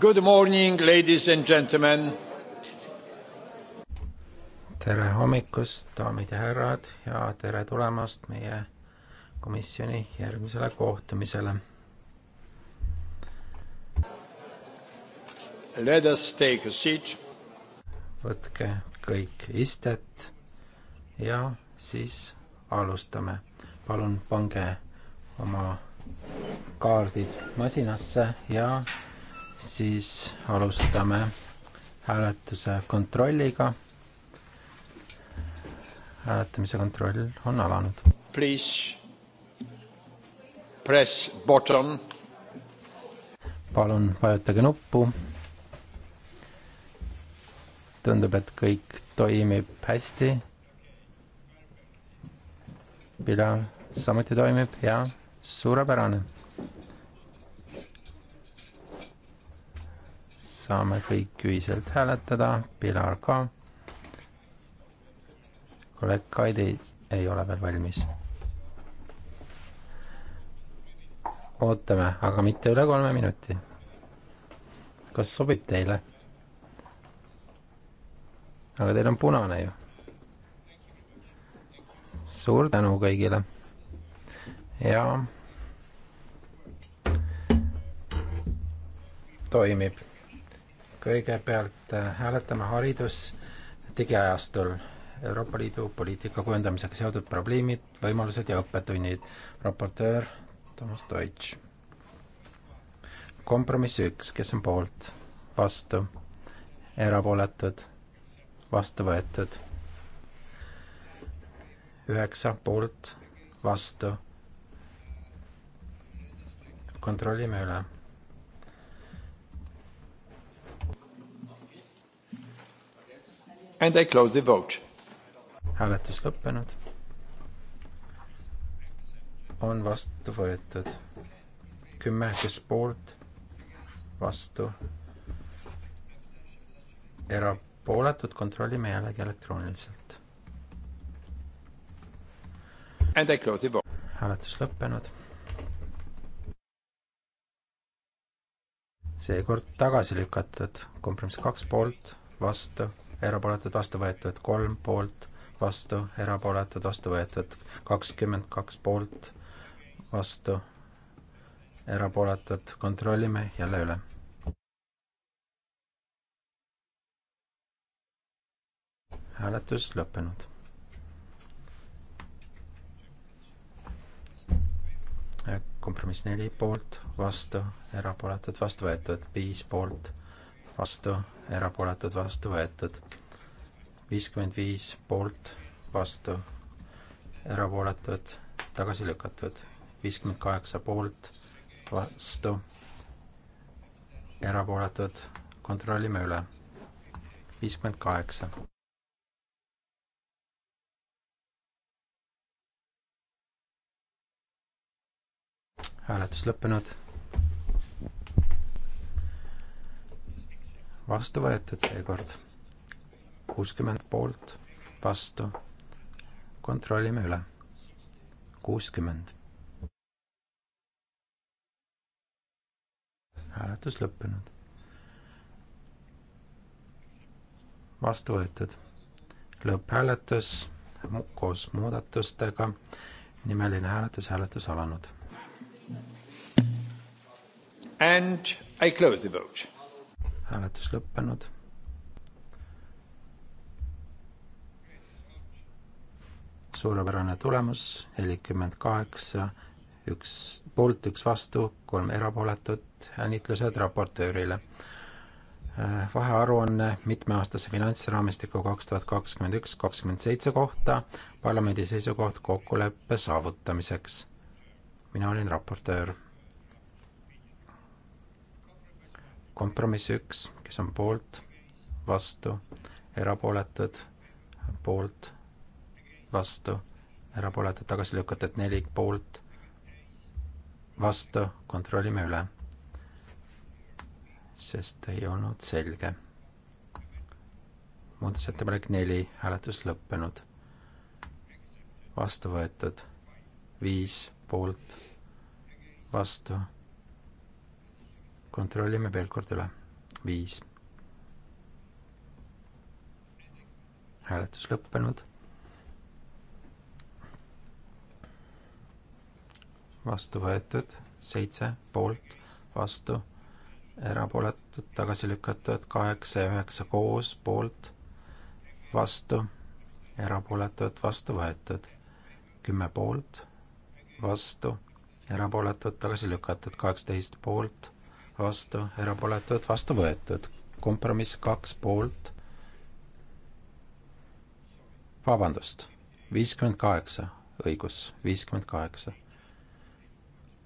Good morning, ladies and gentlemen. tere hommikust, daamid ja härrad ja tere tulemast meie komisjoni järgmisele kohtumisele. Let us take a seat. võtke kõik istet ja siis alustame. palun pange oma kaardid masinasse ja siis alustame hääletuse kontrolliga. hääletamise kontroll on alanud. Please press button. palun vajutage nuppu. tundub, et kõik toimib hästi. Pilar samuti toimib ja suurepärane saame kõik ühiselt hääletada, Pilar ka. kolleeg Kaidi ei ole veel valmis. ootame, aga mitte üle kolme minuti. kas sobib teile? aga teil on punane ju. suur tänu kõigile. ja toimib kõigepealt äh, hääletame haridus digiajastul Euroopa Liidu poliitika kujundamisega seotud probleemid, võimalused ja õppetunnid. raportöör Toomas Deutsch. kompromiss üks, kes on poolt, vastu, erapooletud, vastu võetud. üheksa poolt, vastu. kontrollime üle And I close the vote. hääletus lõppenud. on vastu võetud kümme, kes poolt, vastu, erapooletud, kontrollime jällegi elektrooniliselt. And I close the vote. hääletus lõppenud seekord tagasi lükatud, kompromiss kaks poolt, vastu, erapooletud, vastu võetud, kolm poolt, vastu, erapooletud, vastu võetud, kakskümmend kaks poolt, vastu, erapooletud, kontrollime jälle üle. hääletus lõppenud. kompromiss neli poolt, vastu, erapooletud, vastu võetud, viis poolt vastu, erapooletud, vastu võetud. viiskümmend viis poolt, vastu, erapooletud, tagasi lükatud. viiskümmend kaheksa poolt, vastu, erapooletud, kontrollime üle. viiskümmend kaheksa. hääletus lõppenud vastu võetud seekord. kuuskümmend poolt, vastu. kontrollime üle. kuuskümmend. hääletus lõppenud. vastu võetud. lõpphääletus koos muudatustega. nimeline hääletus, hääletus alanud. And I close the vote hääletus lõppenud. suurepärane tulemus, nelikümmend kaheksa, üks poolt, üks vastu, kolm erapooletut, õnnitlused raportöörile. vahearuanne mitmeaastase finantsraamistiku kaks tuhat kakskümmend üks, kakskümmend seitse kohta, parlamendi seisukoht kokkuleppe saavutamiseks. mina olin raportöör kompromiss üks, kes on poolt, vastu, erapooletud, poolt, vastu, erapooletud, tagasi lükatud neli poolt, vastu, kontrollime üle. sest ei olnud selge. muudatusettepanek neli, hääletus lõppenud. vastu võetud, viis poolt, vastu kontrollime veel kord üle. viis. hääletus lõppenud. vastu võetud seitse poolt, vastu, erapooletud, tagasi lükatud kaheksa ja üheksa koos poolt, vastu, erapooletud, vastu võetud kümme poolt, vastu, erapooletud, tagasi lükatud kaheksateist poolt vastu, erapooletud, vastu võetud. kompromiss kaks poolt, vabandust, viiskümmend kaheksa, õigus, viiskümmend kaheksa.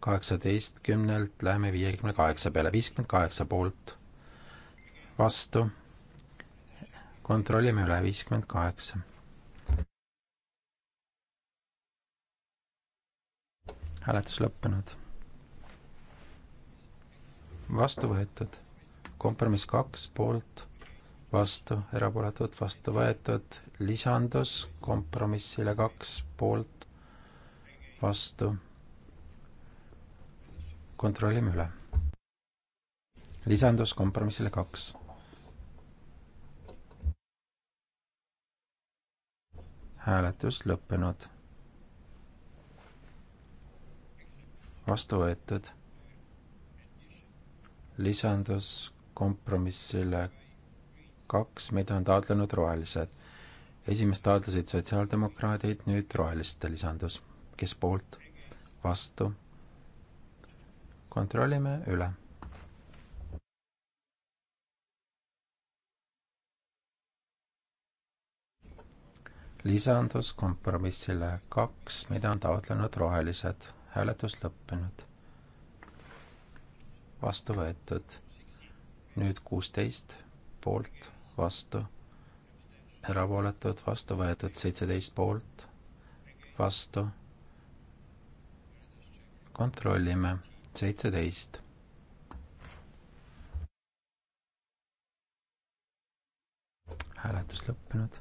kaheksateistkümnelt läheme viiekümne kaheksa peale, viiskümmend kaheksa poolt, vastu, kontrollime üle, viiskümmend kaheksa. hääletus lõppenud vastu võetud. kompromiss kaks poolt, vastu, erapooletud, vastu võetud, lisandus kompromissile kaks poolt, vastu. kontrollime üle. lisandus kompromissile kaks. hääletus lõppenud. vastu võetud lisandus kompromissile kaks, mida on taotlenud rohelised. esimest taotlesid sotsiaaldemokraadid, nüüd roheliste lisandus. kes poolt? vastu? kontrollime üle. lisandus kompromissile kaks, mida on taotlenud rohelised. hääletus lõppenud vastu võetud. nüüd kuusteist poolt, vastu, erapooletud, vastu võetud, seitseteist poolt, vastu. kontrollime, seitseteist. hääletus lõppenud.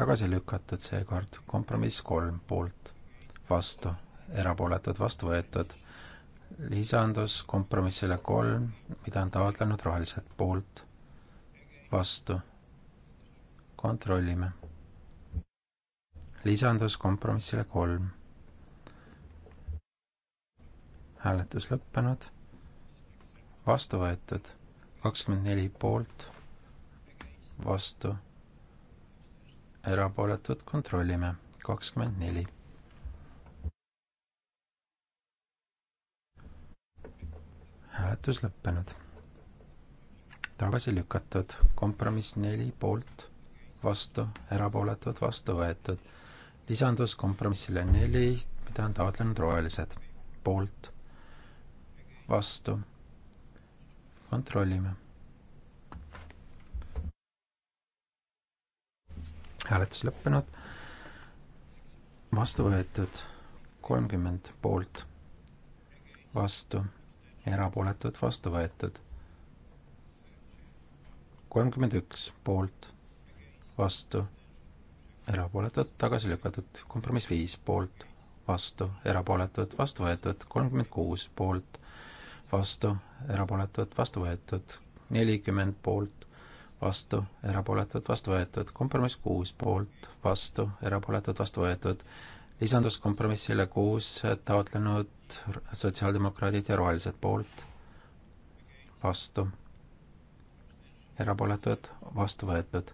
tagasi lükatud seekord kompromiss kolm poolt, vastu erapooletud, vastu võetud. lisandus kompromissile kolm, mida on taotlenud rohelised poolt, vastu. kontrollime. lisandus kompromissile kolm. hääletus lõppenud, vastu võetud, kakskümmend neli poolt, vastu erapooletut kontrollime. kakskümmend neli hääletus lõppenud. tagasi lükatud, kompromiss neli poolt, vastu, erapooletud, vastu võetud. lisandus kompromissile neli, mida on taotlenud rohelised, poolt, vastu. kontrollime. hääletus lõppenud, vastu võetud kolmkümmend poolt, vastu erapooletud, vastu võetud. kolmkümmend üks poolt, vastu, erapooletud, tagasi lükatud, kompromiss viis poolt, vastu, erapooletud, vastu võetud, kolmkümmend kuus poolt, vastu, erapooletud, vastu võetud, nelikümmend poolt, vastu, erapooletud, vastu võetud, kompromiss kuus poolt, vastu, erapooletud, vastu võetud, lisandus kompromissile kuus taotlenud sotsiaaldemokraadid ja rohelised poolt, vastu, erapooletud, vastu võetud.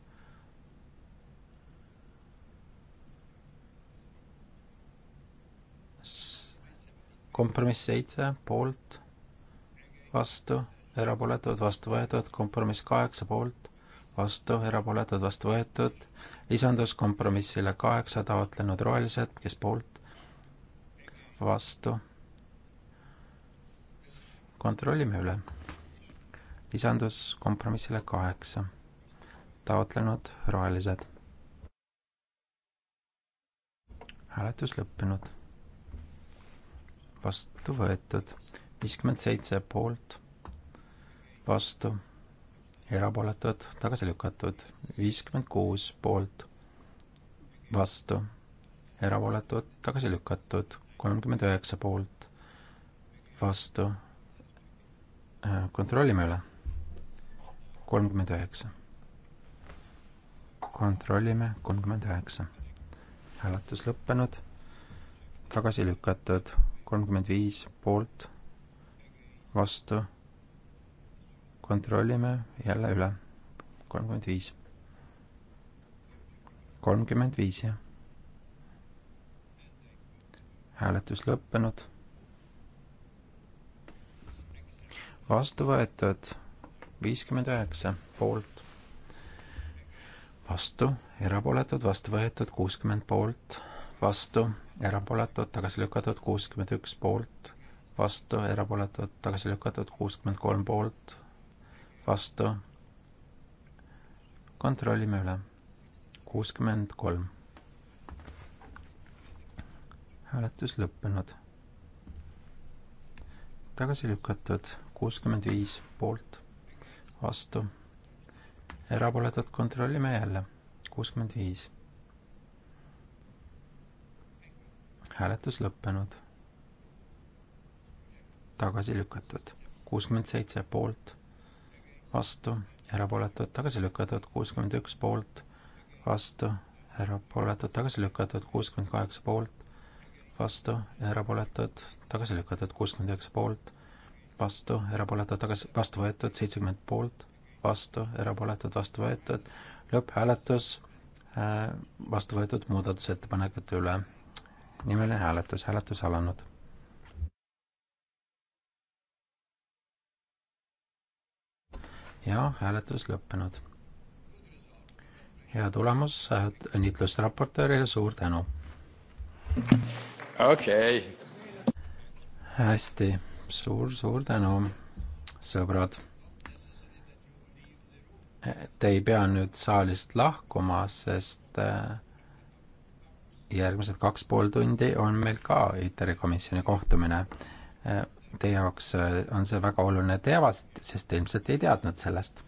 kompromiss seitse poolt, vastu, erapooletud, vastu võetud, kompromiss kaheksa poolt vastu, erapooletud, vastu võetud, lisandus kompromissile kaheksa taotlenud rohelised, kes poolt, vastu. kontrollime üle. lisandus kompromissile kaheksa, taotlenud rohelised. hääletus lõppenud. vastu võetud, viiskümmend seitse poolt, vastu erapooletud, tagasi lükatud, viiskümmend kuus poolt, vastu, erapooletud, tagasi lükatud, kolmkümmend üheksa poolt, vastu, kontrollime üle, kolmkümmend üheksa. kontrollime, kolmkümmend üheksa. hääletus lõppenud, tagasi lükatud, kolmkümmend viis poolt, vastu kontrollime jälle üle. kolmkümmend viis. kolmkümmend viis, jah. hääletus lõppenud. vastu võetud viiskümmend üheksa poolt, vastu, erapooletud, vastu võetud kuuskümmend poolt, vastu, erapooletud, tagasi lükatud kuuskümmend üks poolt, vastu, erapooletud, tagasi lükatud kuuskümmend kolm poolt vastu. kontrollime üle. kuuskümmend kolm. hääletus lõppenud. tagasi lükatud kuuskümmend viis poolt, vastu. erapooletut kontrollime jälle, kuuskümmend viis. hääletus lõppenud. tagasi lükatud kuuskümmend seitse poolt vastu, erapooletud, tagasi lükatud, kuuskümmend üks poolt, vastu, erapooletud, tagasi lükatud, kuuskümmend kaheksa poolt, vastu, erapooletud, tagasi lükatud, kuuskümmend üheksa poolt, vastu, erapooletud, tagasi, vastu võetud, seitsekümmend poolt, vastu, erapooletud, vastu võetud, lõpphääletus äh, vastu võetud muudatusettepanekute üle. nimeline hääletus, hääletus alanud ja hääletus lõppenud. hea tulemus, äh, õnnitlus raportöörile, suur tänu! okei okay.. hästi suur,, suur-suur tänu, sõbrad! Äh, te ei pea nüüd saalist lahkuma, sest äh, järgmised kaks pool tundi on meil ka ITER-i komisjoni kohtumine Teie jaoks äh, on see väga oluline teave, sest te ilmselt ei teadnud sellest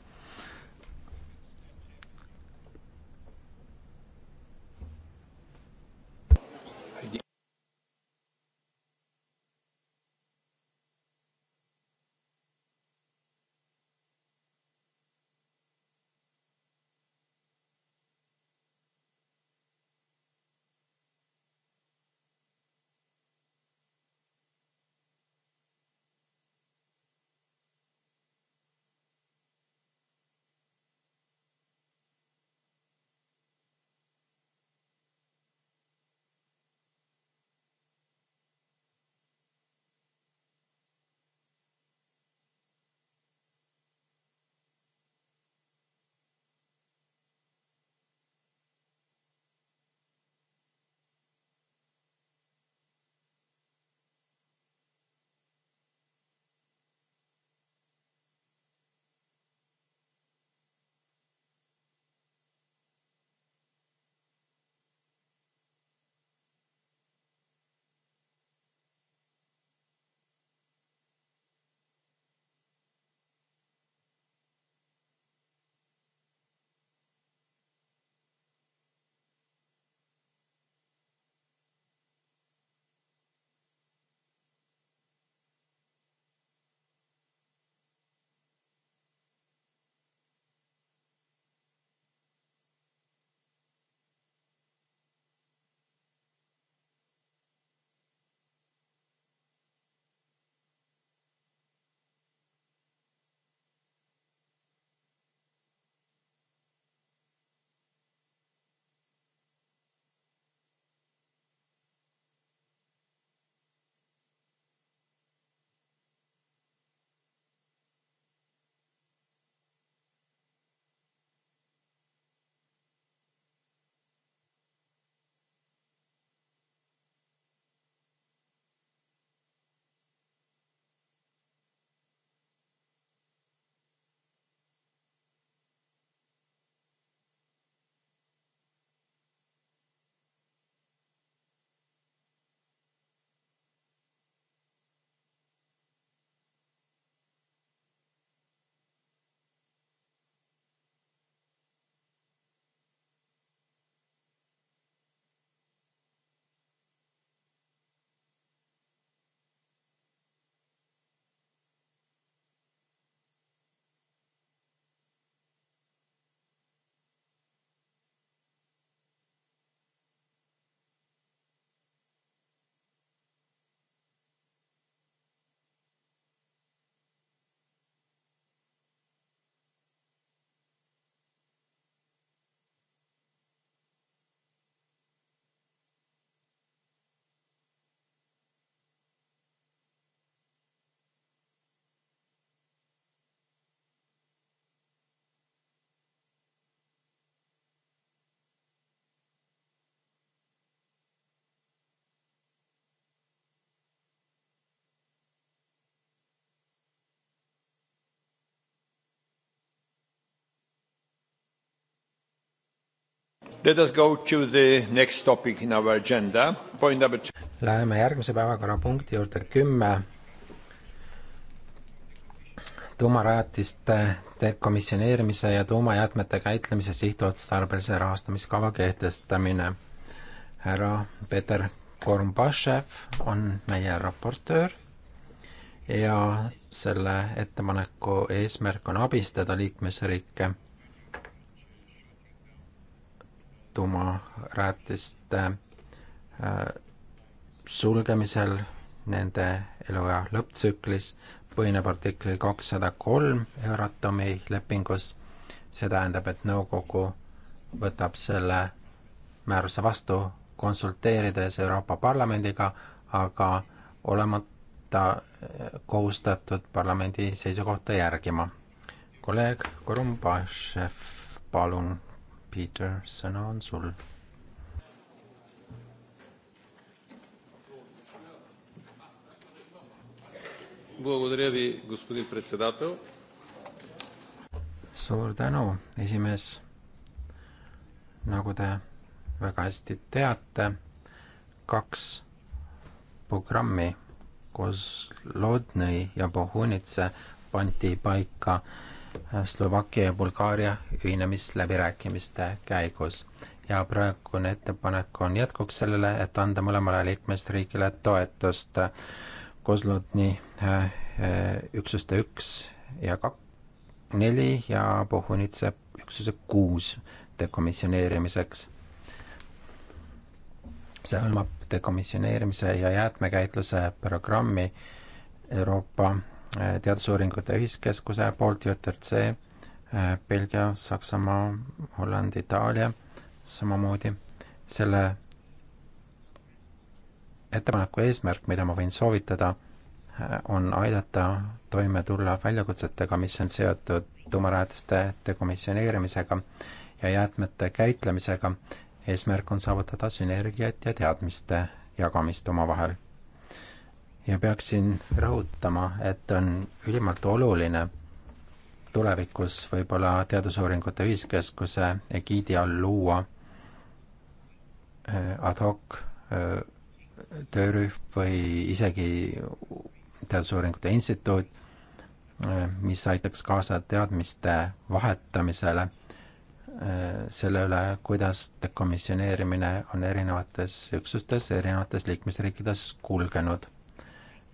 Let us go to the next topic in our agenda, point number two. Läheme järgmise päevakorrapunkti juurde kümme. tuumarajatiste dekomisjoneerimise ja tuumajäätmete käitlemise sihtotstarbelise rahastamiskava kehtestamine. härra Peeter Kormbašev on meie raportöör ja selle ettepaneku eesmärk on abistada liikmesriike tuumarajatiste äh, sulgemisel nende eluea lõpptsüklis põhineb artiklil kakssada kolm Euratomi lepingus. see tähendab, et nõukogu võtab selle määruse vastu konsulteerides Euroopa Parlamendiga, aga olemata äh, kohustatud parlamendi seisukohta järgima. kolleeg Korumbašev, palun Peter, sõna on sul. suur tänu, esimees. nagu te väga hästi teate, kaks programmi koos Lodnõi ja Pohunitse pandi paika Äh, Slovakkia ja Bulgaaria ühinemisläbirääkimiste käigus ja praegune ettepanek on jätkuks sellele, et anda mõlemale liikmesriigile toetust Kozlodni äh, äh, üksuste üks ja kak-, neli ja Pohunitse üksuse kuus dekomisjoneerimiseks. see hõlmab dekomisjoneerimise ja jäätmekäitluse programmi Euroopa teadusuuringute ühiskeskuse poolt, JTRC, Belgia, Saksamaa, Holland, Itaalia samamoodi. selle ettepaneku eesmärk, mida ma võin soovitada, on aidata toime tulla väljakutsetega, mis on seotud tuumarajatiste dekomisjoneerimisega ja jäätmete käitlemisega. eesmärk on saavutada sünergiat ja teadmiste jagamist omavahel ja peaksin rõhutama, et on ülimalt oluline tulevikus võib-olla Teadusuuringute Ühiskeskuse egiidi all luua äh, ad hoc äh, töörühm või isegi Teadusuuringute Instituut, äh, mis aitaks kaasa teadmiste vahetamisele selle üle, kuidas dekomisjoneerimine on erinevates üksustes, erinevates liikmesriikides kulgenud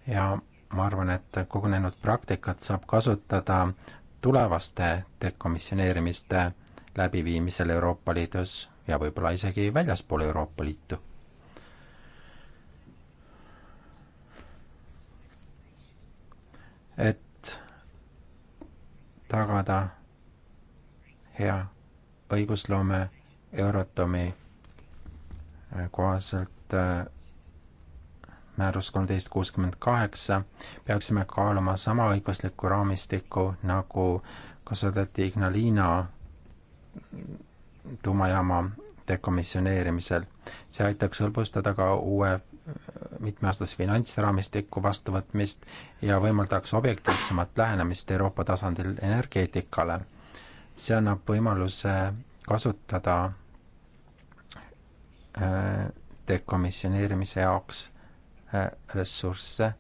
ja ma arvan, et kogunenud praktikat saab kasutada tulevaste dekomisjoneerimiste läbiviimisel Euroopa Liidus ja võib-olla isegi väljaspool Euroopa Liitu et tagada hea õigusloome Eurotomi kohaselt äh, määrus kolmteist kuuskümmend kaheksa, peaksime kaaluma sama õiguslikku raamistikku, nagu kasutati Ignalina tuumajaama dekomisjoneerimisel. see aitaks hõlbustada ka uue mitmeaastase finantsraamistiku vastuvõtmist ja võimaldaks objektiivsemat lähenemist Euroopa tasandil energeetikale. see annab võimaluse kasutada äh, dekomisjoneerimise jaoks Äh, ressursse.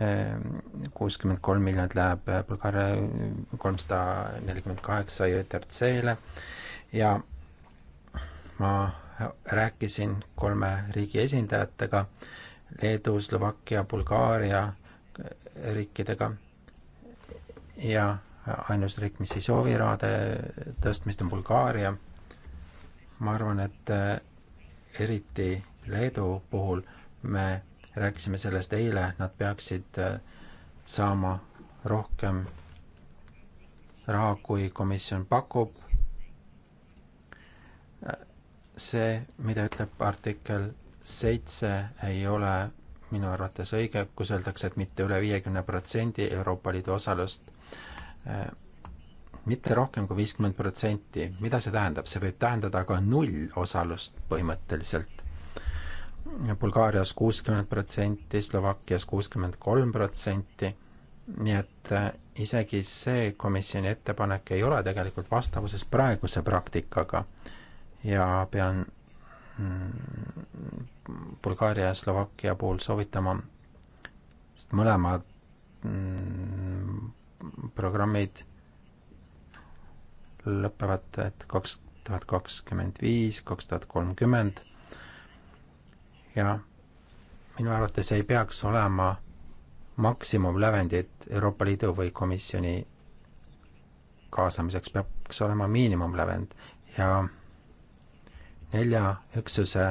Ähm, kuuskümmend kolm miljonit läheb äh, Bulgaaria, äh, kolmsada nelikümmend kaheksa ÜTRC-le e ja ma rääkisin kolme riigi esindajatega, Leedu, Slovakkia, Bulgaaria riikidega ja ainus riik, mis ei soovi rahade tõstmist, on Bulgaaria. ma arvan, et äh, eriti Leedu puhul me rääkisime sellest eile, nad peaksid äh, saama rohkem raha, kui komisjon pakub. see, mida ütleb artikkel seitse, ei ole minu arvates õige, kus öeldakse, et mitte üle viiekümne protsendi Euroopa Liidu osalust Äh, mitte rohkem kui viiskümmend protsenti. mida see tähendab? see võib tähendada ka nullosalust põhimõtteliselt. Bulgaarias kuuskümmend protsenti, Slovakkias kuuskümmend kolm protsenti, nii et äh, isegi see komisjoni ettepanek ei ole tegelikult vastavuses praeguse praktikaga ja pean mm, Bulgaaria ja Slovakkia puhul soovitama, sest mõlemad mm, programmid lõpevad, et kaks tuhat kakskümmend viis, kaks tuhat kolmkümmend ja minu arvates ei peaks olema maksimumlävendit Euroopa Liidu või komisjoni kaasamiseks, peaks olema miinimumlävend ja nelja üksuse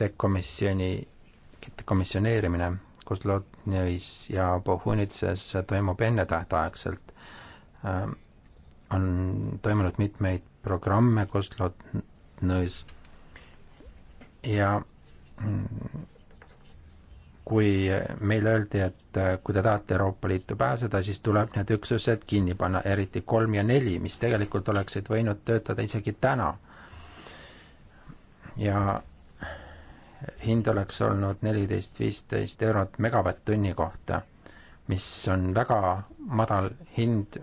dekomisjoni, dekomisjoneerimine Kozlotnevis ja Bohunitses toimub ennetähtaegselt. Ähm, on toimunud mitmeid programme Kozlotnõis ja mm, kui meile öeldi, et äh, kui te tahate Euroopa Liitu pääseda, siis tuleb need üksused kinni panna, eriti kolm ja neli, mis tegelikult oleksid võinud töötada isegi täna. ja hind oleks olnud neliteist, viisteist eurot megavatt-tunni kohta, mis on väga madal hind,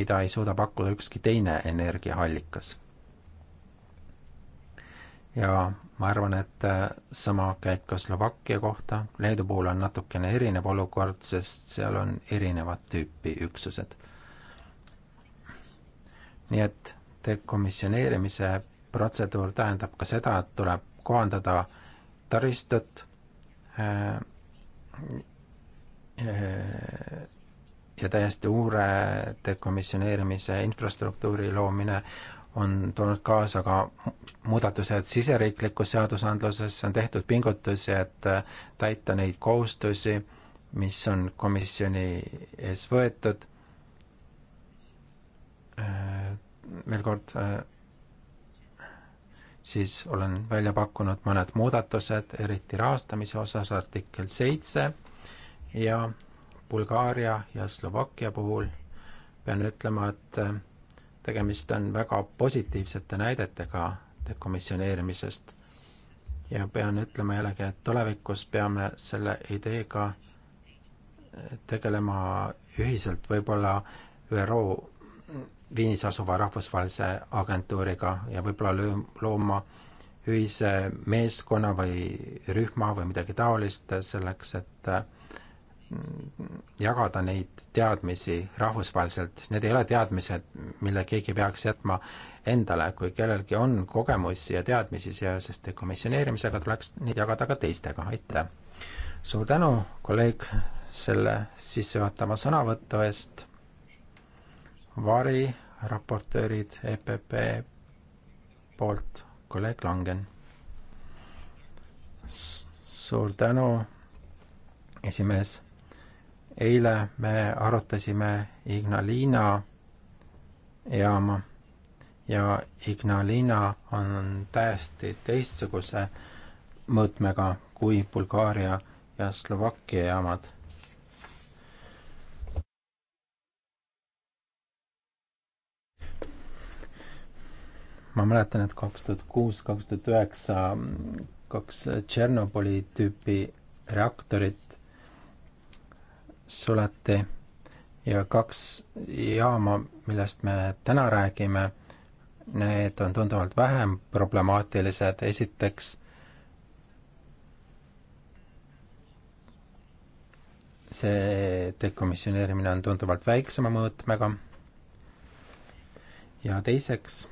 mida ei suuda pakkuda ükski teine energiaallikas. ja ma arvan, et äh, sama käib ka Slovakkia kohta, Leedu puhul on natukene erinev olukord, sest seal on erinevat tüüpi üksused. nii et dekomisjoneerimise protseduur tähendab ka seda, et tuleb kohandada äh, taristut äh, äh, ja täiesti uure dekomisjoneerimise infrastruktuuri loomine on toonud kaasa ka muudatused siseriiklikus seadusandluses, on tehtud pingutusi, et äh, täita neid kohustusi, mis on komisjoni ees võetud. veel kord siis olen välja pakkunud mõned muudatused, eriti rahastamise osas artikkel seitse ja Bulgaaria ja Slovakkia puhul pean ütlema, et eh, tegemist on väga positiivsete näidetega dekomisjoneerimisest. ja pean ütlema jällegi, et tulevikus peame selle ideega eh, tegelema ühiselt, võib-olla ÜRO Viinis asuva rahvusvahelise agentuuriga ja võib-olla looma ühise meeskonna või rühma või midagi taolist selleks, et mm, jagada neid teadmisi rahvusvaheliselt. Need ei ole teadmised, mille keegi peaks jätma endale, kui kellelgi on kogemusi ja teadmisi seoses dekomisjoneerimisega, tuleks neid jagada ka teistega, aitäh! suur tänu, kolleeg, selle sissejuhatava sõnavõtu eest variraportöörid EPP poolt, kolleeg Langen. suur tänu, esimees. eile me arutasime Ignalina jaama ja Ignalina on täiesti teistsuguse mõõtmega kui Bulgaaria ja Slovakkia jaamad ma mäletan, et kaks tuhat kuus, kaks tuhat üheksa kaks Tšernobõli tüüpi reaktorit suleti ja kaks jaama, millest me täna räägime, need on tunduvalt vähem problemaatilised, esiteks see dekomisjoneerimine on tunduvalt väiksema mõõtmega ja teiseks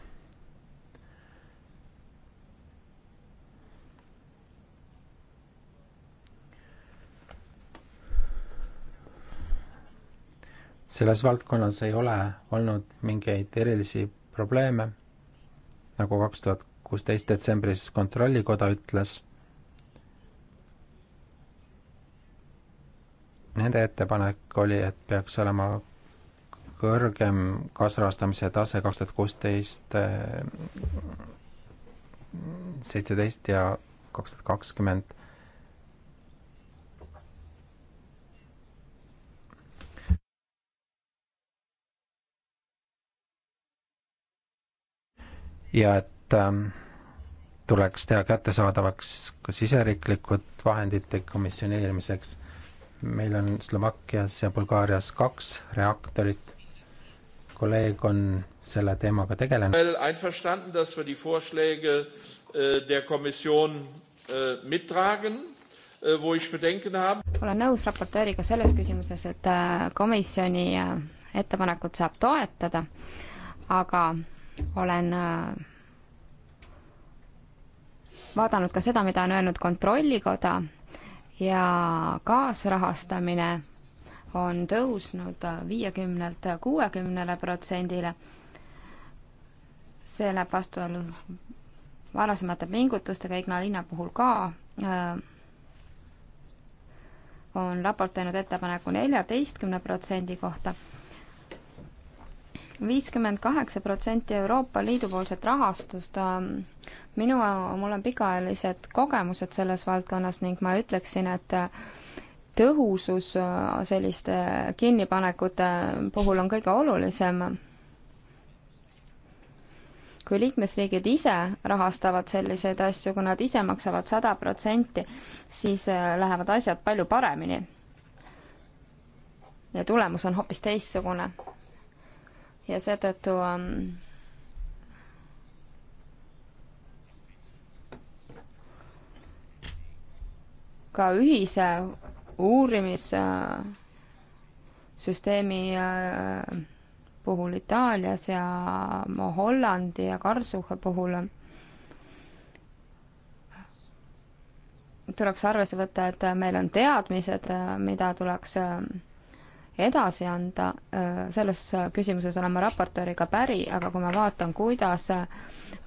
selles valdkonnas ei ole olnud mingeid erilisi probleeme, nagu kaks tuhat kuusteist detsembris Kontrollikoda ütles. Nende ettepanek oli, et peaks olema kõrgem kaasrahastamise tase kaks tuhat kuusteist, eh, seitseteist ja kaks tuhat kakskümmend ja et ähm, tuleks teha kättesaadavaks ka siseriiklikud vahendid dekomisjoneerimiseks. meil on Slovakkias ja Bulgaarias kaks reaktorit. kolleeg on selle teemaga tegelenud. Einverstanden, dass wir die Vorschläge äh, der Kommission äh, mittragen äh, wo ich Bedenken habe. olen nõus raportööriga selles küsimuses, et komisjoni ettepanekut saab toetada, aga olen äh, vaadanud ka seda, mida on öelnud Kontrollikoda ja kaasrahastamine on tõusnud viiekümnelt kuuekümnele protsendile. see läheb vastuollu varasemate pingutustega, Ignalina puhul ka äh, on raport teinud ettepaneku neljateistkümne protsendi kohta viiskümmend kaheksa protsenti Euroopa Liidu poolset rahastust. Ähm, minu, mul on pikaajalised kogemused selles valdkonnas ning ma ütleksin, et äh, tõhusus äh, selliste kinnipanekute puhul on kõige olulisem. kui liikmesriigid ise rahastavad selliseid asju, kui nad ise maksavad sada protsenti, siis äh, lähevad asjad palju paremini. ja tulemus on hoopis teistsugune ja seetõttu um, ka ühise uurimissüsteemi äh, puhul Itaalias ja Hollandi ja Karlsruhe puhul äh, tuleks arvesse võtta, et äh, meil on teadmised, mida tuleks edasi anda, äh, selles küsimuses olen ma raportööriga päri, aga kui ma vaatan, kuidas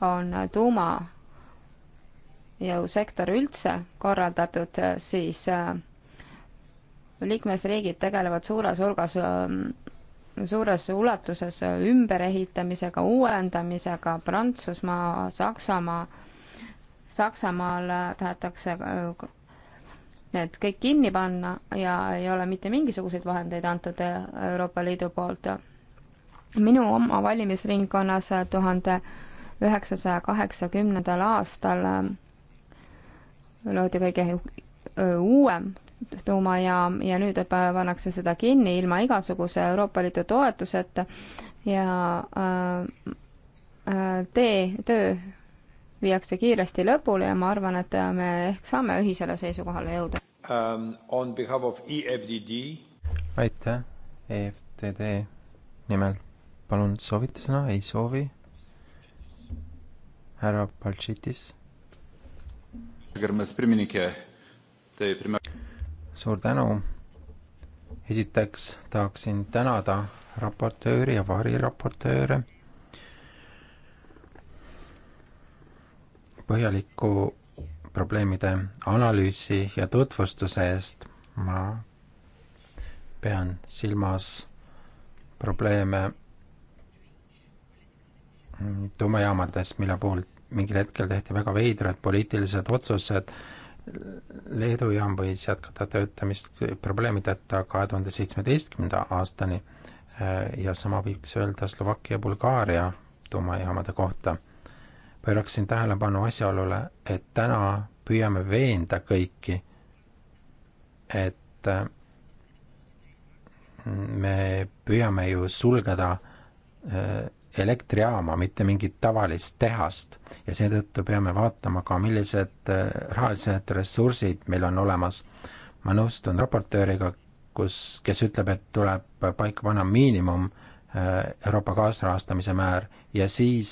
on tuumajõusektor üldse korraldatud, siis äh, liikmesriigid tegelevad suures hulgas, äh, suures ulatuses ümberehitamisega, uuendamisega, Prantsusmaa, Saksamaa, Saksamaal tahetakse need kõik kinni panna ja ei ole mitte mingisuguseid vahendeid antud Euroopa Liidu poolt. minu oma valimisringkonnas tuhande üheksasaja kaheksakümnendal aastal loodi kõige uuem tuumajaam ja nüüd pannakse seda kinni ilma igasuguse Euroopa Liidu toetuseta ja äh, äh tee, töö viiakse kiiresti lõpule ja ma arvan, et me ehk saame ühisele seisukohale jõuda um,. On behalf of EFDD. aitäh, EFTD nimel. palun soovite sõna, ei soovi? härra Baltšitis. suur tänu. esiteks tahaksin tänada raportööri ja variraportööre põhjaliku probleemide analüüsi ja tutvustuse eest. ma pean silmas probleeme tuumajaamades, mille puhul mingil hetkel tehti väga veidrad poliitilised otsused, Leedu jaam võis jätkata töötamist probleemideta kahe tuhande seitsmeteistkümnenda aastani ja sama võiks öelda Slovakkia ja Bulgaaria tuumajaamade kohta pööraksin tähelepanu asjaolule, et täna püüame veenda kõiki, et äh, me püüame ju sulgeda äh, elektrijaama, mitte mingit tavalist tehast ja seetõttu peame vaatama ka, millised äh, rahalised ressursid meil on olemas. ma nõustun raportööriga, kus, kes ütleb, et tuleb paika panna miinimum Euroopa kaasrahastamise määr ja siis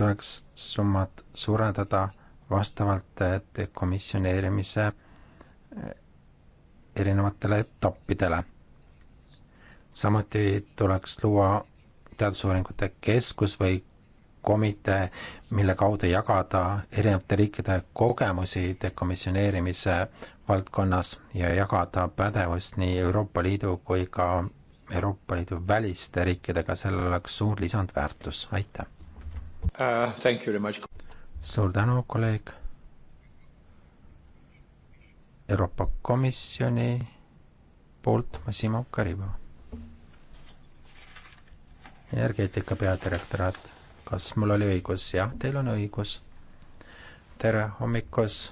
tuleks summat suurendada vastavalt dekomisjoneerimise eh, erinevatele etappidele. samuti tuleks luua teadusuuringute keskus või komitee, mille kaudu jagada erinevate riikide kogemusi dekomisjoneerimise valdkonnas ja jagada pädevust nii Euroopa Liidu kui ka Euroopa Liidu väliste riikidega, sellel oleks suur lisandväärtus, aitäh! uh,. suur tänu, kolleeg. Euroopa Komisjoni poolt Massimo Cariba. energeetika peadirektoraat, kas mul oli õigus? jah, teil on õigus. tere hommikust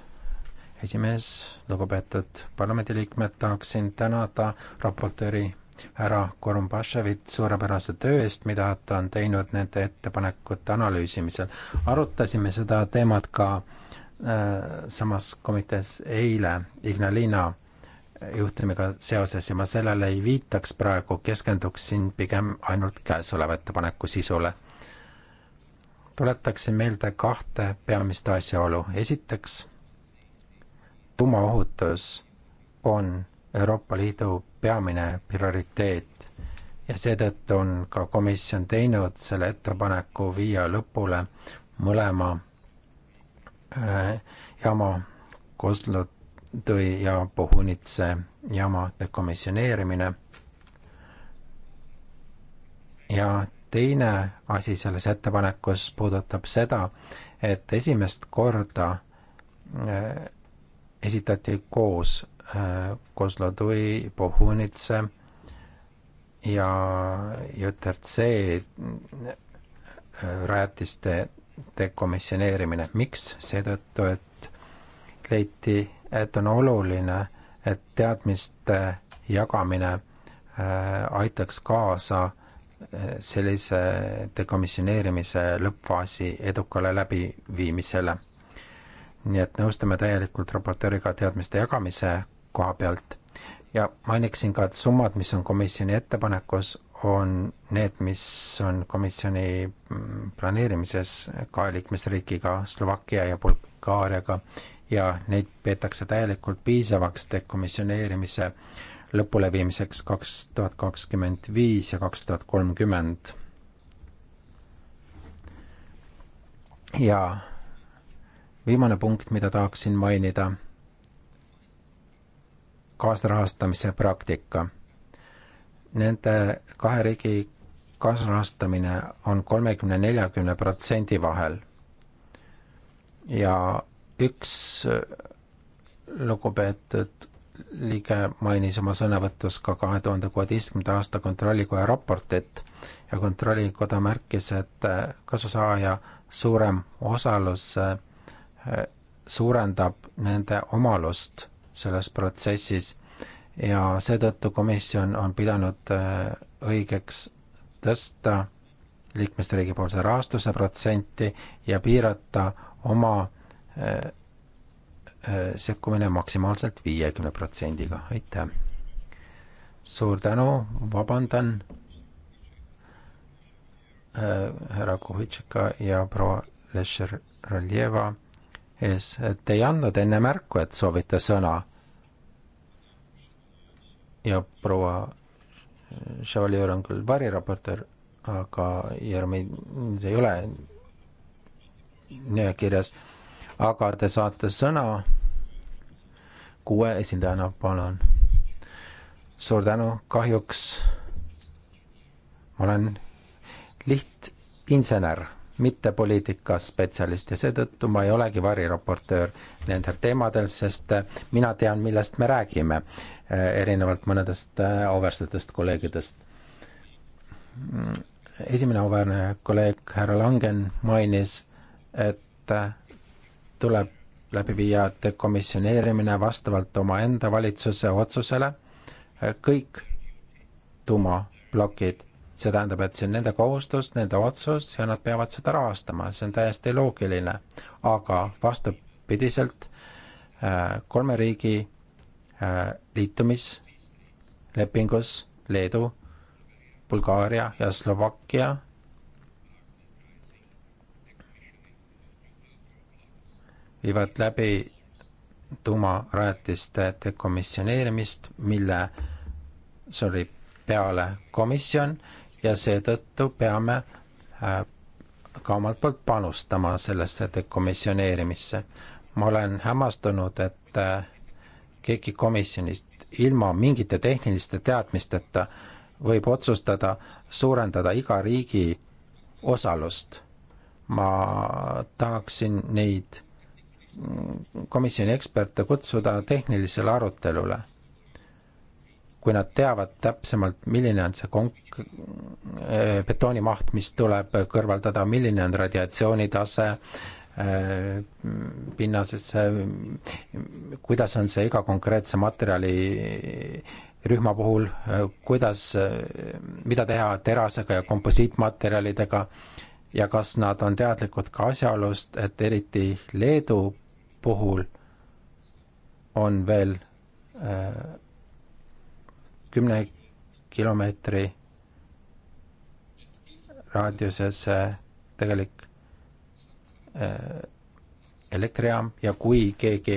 esimees, lugupeetud parlamendiliikmed, tahaksin tänada raportööri härra Korumbaševit suurepärase töö eest, mida ta on teinud nende ettepanekute analüüsimisel. arutasime seda teemat ka äh, samas komitees eile Ignalina juhtumiga seoses ja ma sellele ei viitaks praegu, keskenduksin pigem ainult käesoleva ettepaneku sisule tuletaksin meelde kahte peamist asjaolu. esiteks tuumaohutus on Euroopa Liidu peamine prioriteet ja seetõttu on ka komisjon teinud selle ettepaneku viia lõpule mõlema äh, jama Kozlodõi ja Pohunitse jama dekomisjoneerimine. ja teine asi selles ettepanekus puudutab seda, et esimest korda äh, esitati koos äh, Kozlodõi, Pohunitse ja JRC äh, rajatiste dekomisjoneerimine. miks? seetõttu, et leiti, et on oluline, et teadmiste jagamine äh, aitaks kaasa sellise dekomisjoneerimise lõppfaasi edukale läbiviimisele nii et nõustume täielikult raportööriga teadmiste jagamise koha pealt ja mainiksin ka, et summad, mis on komisjoni ettepanekus, on need, mis on komisjoni planeerimises kahe liikmesriigiga, Slovakkia ja Bulgaariaga, ja neid peetakse täielikult piisavaks dekomisjoneerimise lõpuleviimiseks kaks tuhat kakskümmend viis ja kaks tuhat kolmkümmend. ja viimane punkt, mida tahaksin mainida, kaasrahastamise praktika. Nende kahe riigi kaasrahastamine on kolmekümne, neljakümne protsendi vahel. ja üks äh, lugupeetud liige mainis oma sõnavõtus ka kahe tuhande kuueteistkümnenda aasta kontrollikoja raportit ja kontrollikoda märkis, et äh, kasusaaja suurem osalus äh, suurendab nende omalust selles protsessis ja seetõttu komisjon on pidanud äh, õigeks tõsta liikmesriigi poolse rahastuse protsenti ja piirata oma äh, äh, sekkumine maksimaalselt viiekümne protsendiga, aitäh! suur tänu, vabandan härra Kuhitšeka ja proua Lešer-Raljeva ees, et ei andnud enne märku, et soovite sõna. ja proua Chevalier on küll variraportöör, aga Jeremy, see ei ole nimekirjas, aga te saate sõna kuue esindajana, palun. suur tänu, kahjuks ma olen lihtinsener mitte poliitikaspetsialist ja seetõttu ma ei olegi variraportöör nendel teemadel, sest äh, mina tean, millest me räägime, äh, erinevalt mõnedest äh, auväärsetest kolleegidest. esimene auväärne kolleeg härra Langen mainis, et tuleb läbi viia dekomisjoneerimine vastavalt omaenda valitsuse otsusele, kõik tuumaplokid see tähendab, et see on nende kohustus, nende otsus ja nad peavad seda rahastama, see on täiesti loogiline. aga vastupidiselt äh, kolme riigi äh, liitumislepingus Leedu, Bulgaaria ja Slovakkia viivad läbi tuumarajatiste dekomisjoneerimist, mille suri peale komisjon ja seetõttu peame äh, ka omalt poolt panustama sellesse dekomisjoneerimisse. ma olen hämmastunud, et äh, keegi komisjonist ilma mingite tehniliste teadmisteta võib otsustada suurendada iga riigi osalust. ma tahaksin neid mm, komisjoni eksperte kutsuda tehnilisele arutelule kui nad teavad täpsemalt, milline on see konk-, eh, betoonimaht, mis tuleb kõrvaldada, milline on radiatsioonitase eh, pinnasesse, kuidas on see iga konkreetse materjali rühma puhul, eh, kuidas, mida teha terasega ja komposiitmaterjalidega ja kas nad on teadlikud ka asjaolust, et eriti Leedu puhul on veel äh, kümne kilomeetri raadiuses äh, tegelik äh, elektrijaam ja kui keegi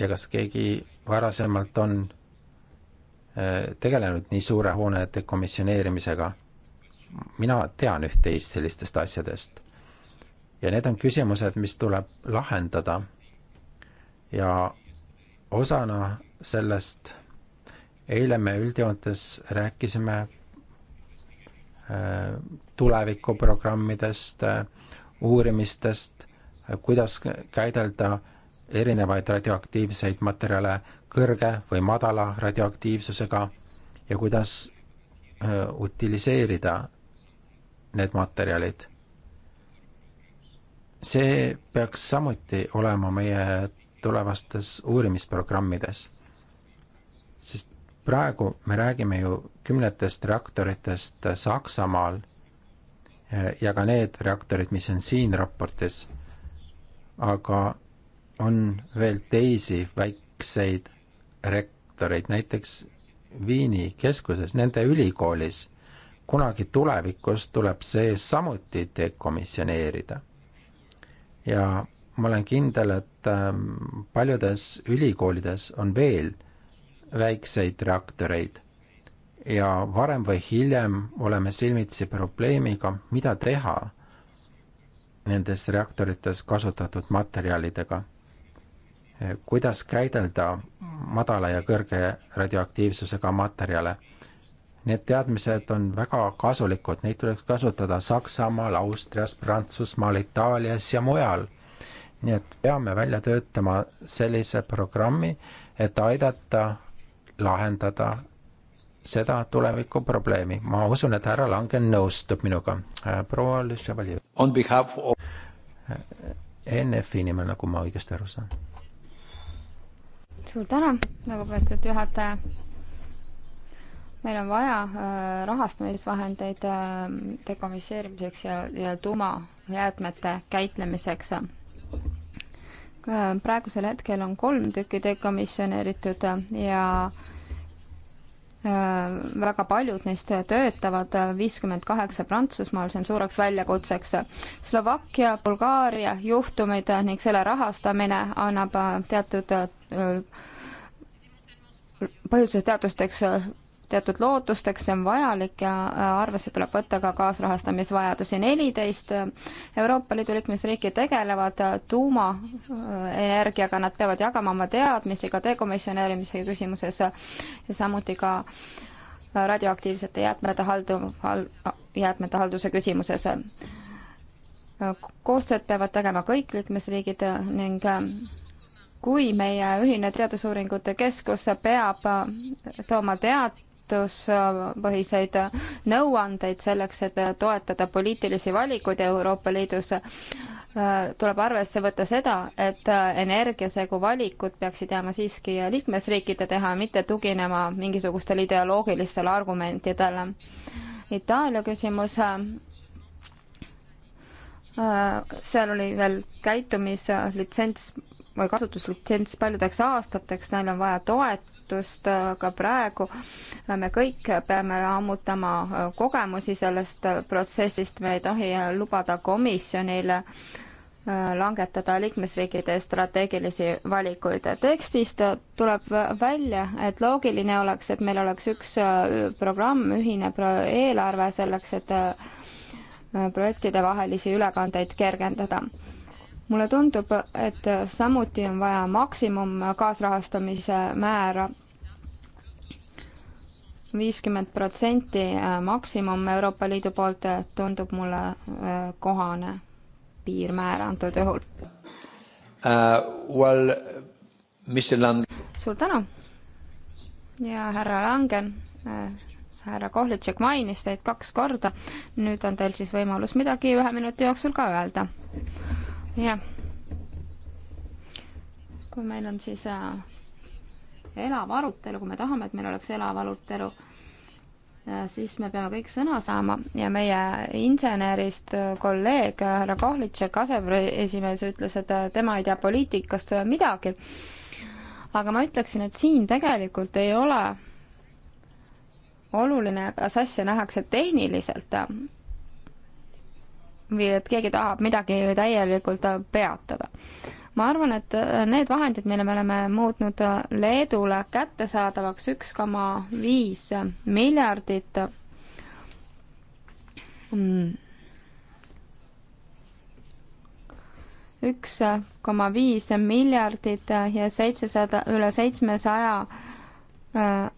ja kas keegi varasemalt on äh, tegelenud nii suure hoone dekomisjoneerimisega. mina tean üht-teist sellistest asjadest. ja need on küsimused, mis tuleb lahendada. ja osana sellest. eile me üldjoontes rääkisime äh, tulevikuprogrammidest, äh, uurimistest, äh, kuidas käidelda erinevaid radioaktiivseid materjale kõrge või madala radioaktiivsusega ja kuidas utiliseerida need materjalid. see peaks samuti olema meie tulevastes uurimisprogrammides sest praegu me räägime ju kümnetest reaktoritest Saksamaal eh, ja ka need reaktorid, mis on siin raportis, aga on veel teisi väikseid rektoreid, näiteks Viini keskuses, nende ülikoolis. kunagi tulevikus tuleb see samuti dekomisjoneerida. ja ma olen kindel, et ehm, paljudes ülikoolides on veel väikseid reaktoreid ja varem või hiljem oleme silmitsi probleemiga, mida teha nendes reaktorites kasutatud materjalidega. kuidas käidelda madala ja kõrge radioaktiivsusega materjale. Need teadmised on väga kasulikud, neid tuleks kasutada Saksamaal, Austrias, Prantsusmaal, Itaalias ja mujal. nii et peame välja töötama sellise programmi, et aidata lahendada seda tulevikuprobleemi. ma usun, et härra Langen nõustub minuga. Äh, proua Le Chevalier. on behalf of äh, NF-i nimel, nagu ma õigesti aru saan. suur tänu, lugupeetud juhataja. meil on vaja äh, rahastamisvahendeid äh, dekomisseerimiseks ja, ja tuumajäätmete käitlemiseks praegusel hetkel on kolm tükki dekomisjoneeritud ja äh, väga paljud neist töötavad, viiskümmend kaheksa Prantsusmaal, see on suureks väljakutseks. Slovakkia, Bulgaaria juhtumid ning selle rahastamine annab äh, teatud äh, põhjuses teadusteks teatud lootusteks, see on vajalik ja äh, arvesse tuleb võtta ka kaasrahastamisvajadusi. neliteist äh, Euroopa Liidu liikmesriiki tegelevad äh, tuumaenergiaga, nad peavad jagama oma teadmisi ka dekomisjoneerimise küsimuses ja samuti ka radioaktiivsete jäätmete haldu-, hal-, jäätmete halduse küsimuses. koostööd peavad tegema kõik liikmesriigid ning kui meie ühine teadusuuringute keskus peab tooma tead-, väärtuspõhiseid nõuandeid selleks, et toetada poliitilisi valikuid Euroopa Liidus, tuleb arvesse võtta seda, et energiasegu valikud peaksid jääma siiski liikmesriikide teha, mitte tuginema mingisugustele ideoloogilistel argumentidel. Itaalia küsimus Äh, seal oli veel käitumislitsents või kasutuslitsents paljudeks aastateks, neil on vaja toetust, aga praegu me kõik peame ammutama äh, kogemusi sellest äh, protsessist, me ei tohi lubada komisjonile langetada liikmesriikide strateegilisi valikuid. tekstist tuleb välja, et loogiline oleks, et meil oleks üks programm, ühine eelarve selleks, et projektidevahelisi ülekandeid kergendada. mulle tundub, et samuti on vaja maksimum kaasrahastamise määra viiskümmend protsenti maksimum Euroopa Liidu poolt tundub mulle äh, kohane piirmäär antud juhul uh,. Well, Mr Lang. suur tänu ja härra Langen äh, härra Kohlitšek mainis teid kaks korda. nüüd on teil siis võimalus midagi ühe minuti jooksul ka öelda. jah. kui meil on siis äh, elav arutelu, kui me tahame, et meil oleks elav arutelu, äh, siis me peame kõik sõna saama ja meie insenerist äh, kolleeg äh, härra Kohlitšek, aseesimees, ütles, et tema ei tea poliitikast midagi. aga ma ütleksin, et siin tegelikult ei ole oluline, kas asja nähakse tehniliselt või et keegi tahab midagi täielikult peatada. ma arvan, et need vahendid, mille me oleme muutnud Leedule kättesaadavaks üks koma viis miljardit, mm, üks koma viis miljardit ja seitsesada, üle seitsmesaja äh,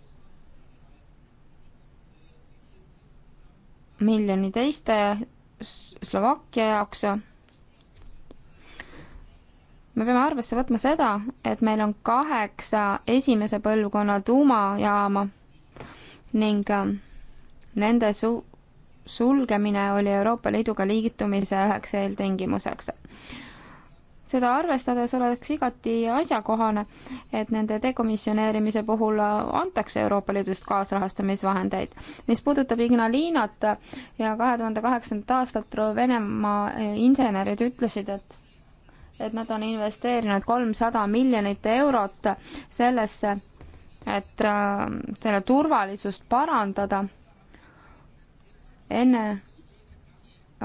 miljoni teiste Slovakkia jaoks. me peame arvesse võtma seda, et meil on kaheksa esimese põlvkonna tuumajaama ning äh, nende su-, sulgemine oli Euroopa Liiduga liitumise üheks eeltingimuseks seda arvestades oleks igati asjakohane, et nende dekomisjoneerimise puhul antakse Euroopa Liidust kaasrahastamisvahendeid. mis puudutab Ignalinat ja kahe tuhande kaheksandat aastat Venemaa insenerid ütlesid, et et nad on investeerinud kolmsada miljonit eurot sellesse, et äh, selle turvalisust parandada. enne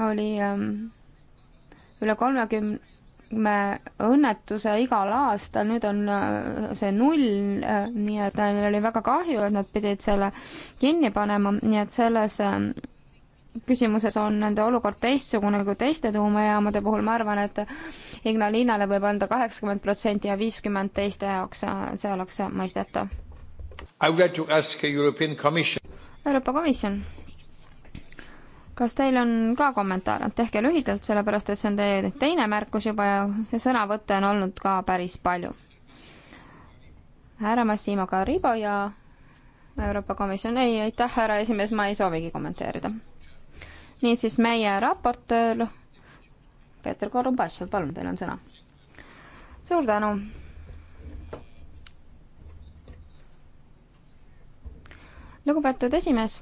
oli ähm, üle kolmekümne me õnnetuse igal aastal, nüüd on äh, see null, äh, nii et äh, neil oli väga kahju, et nad pidid selle kinni panema, nii et selles küsimuses on nende olukord teistsugune kui teiste tuumajaamade puhul, ma arvan, et Ignalinale võib anda kaheksakümmend protsenti ja viiskümmend teiste jaoks, see oleks mõistetav. Euroopa Komisjon kas teil on ka kommentaare? tehke lühidalt, sellepärast et see on teie teine märkus juba ja sõnavõtte on olnud ka päris palju. härra Massimo Caribo ja Euroopa Komisjon, ei, aitäh, härra esimees, ma ei soovigi kommenteerida. niisiis, meie raportöör Peeter Korumbašev, palun, teil on sõna. suur tänu lugupeetud esimees,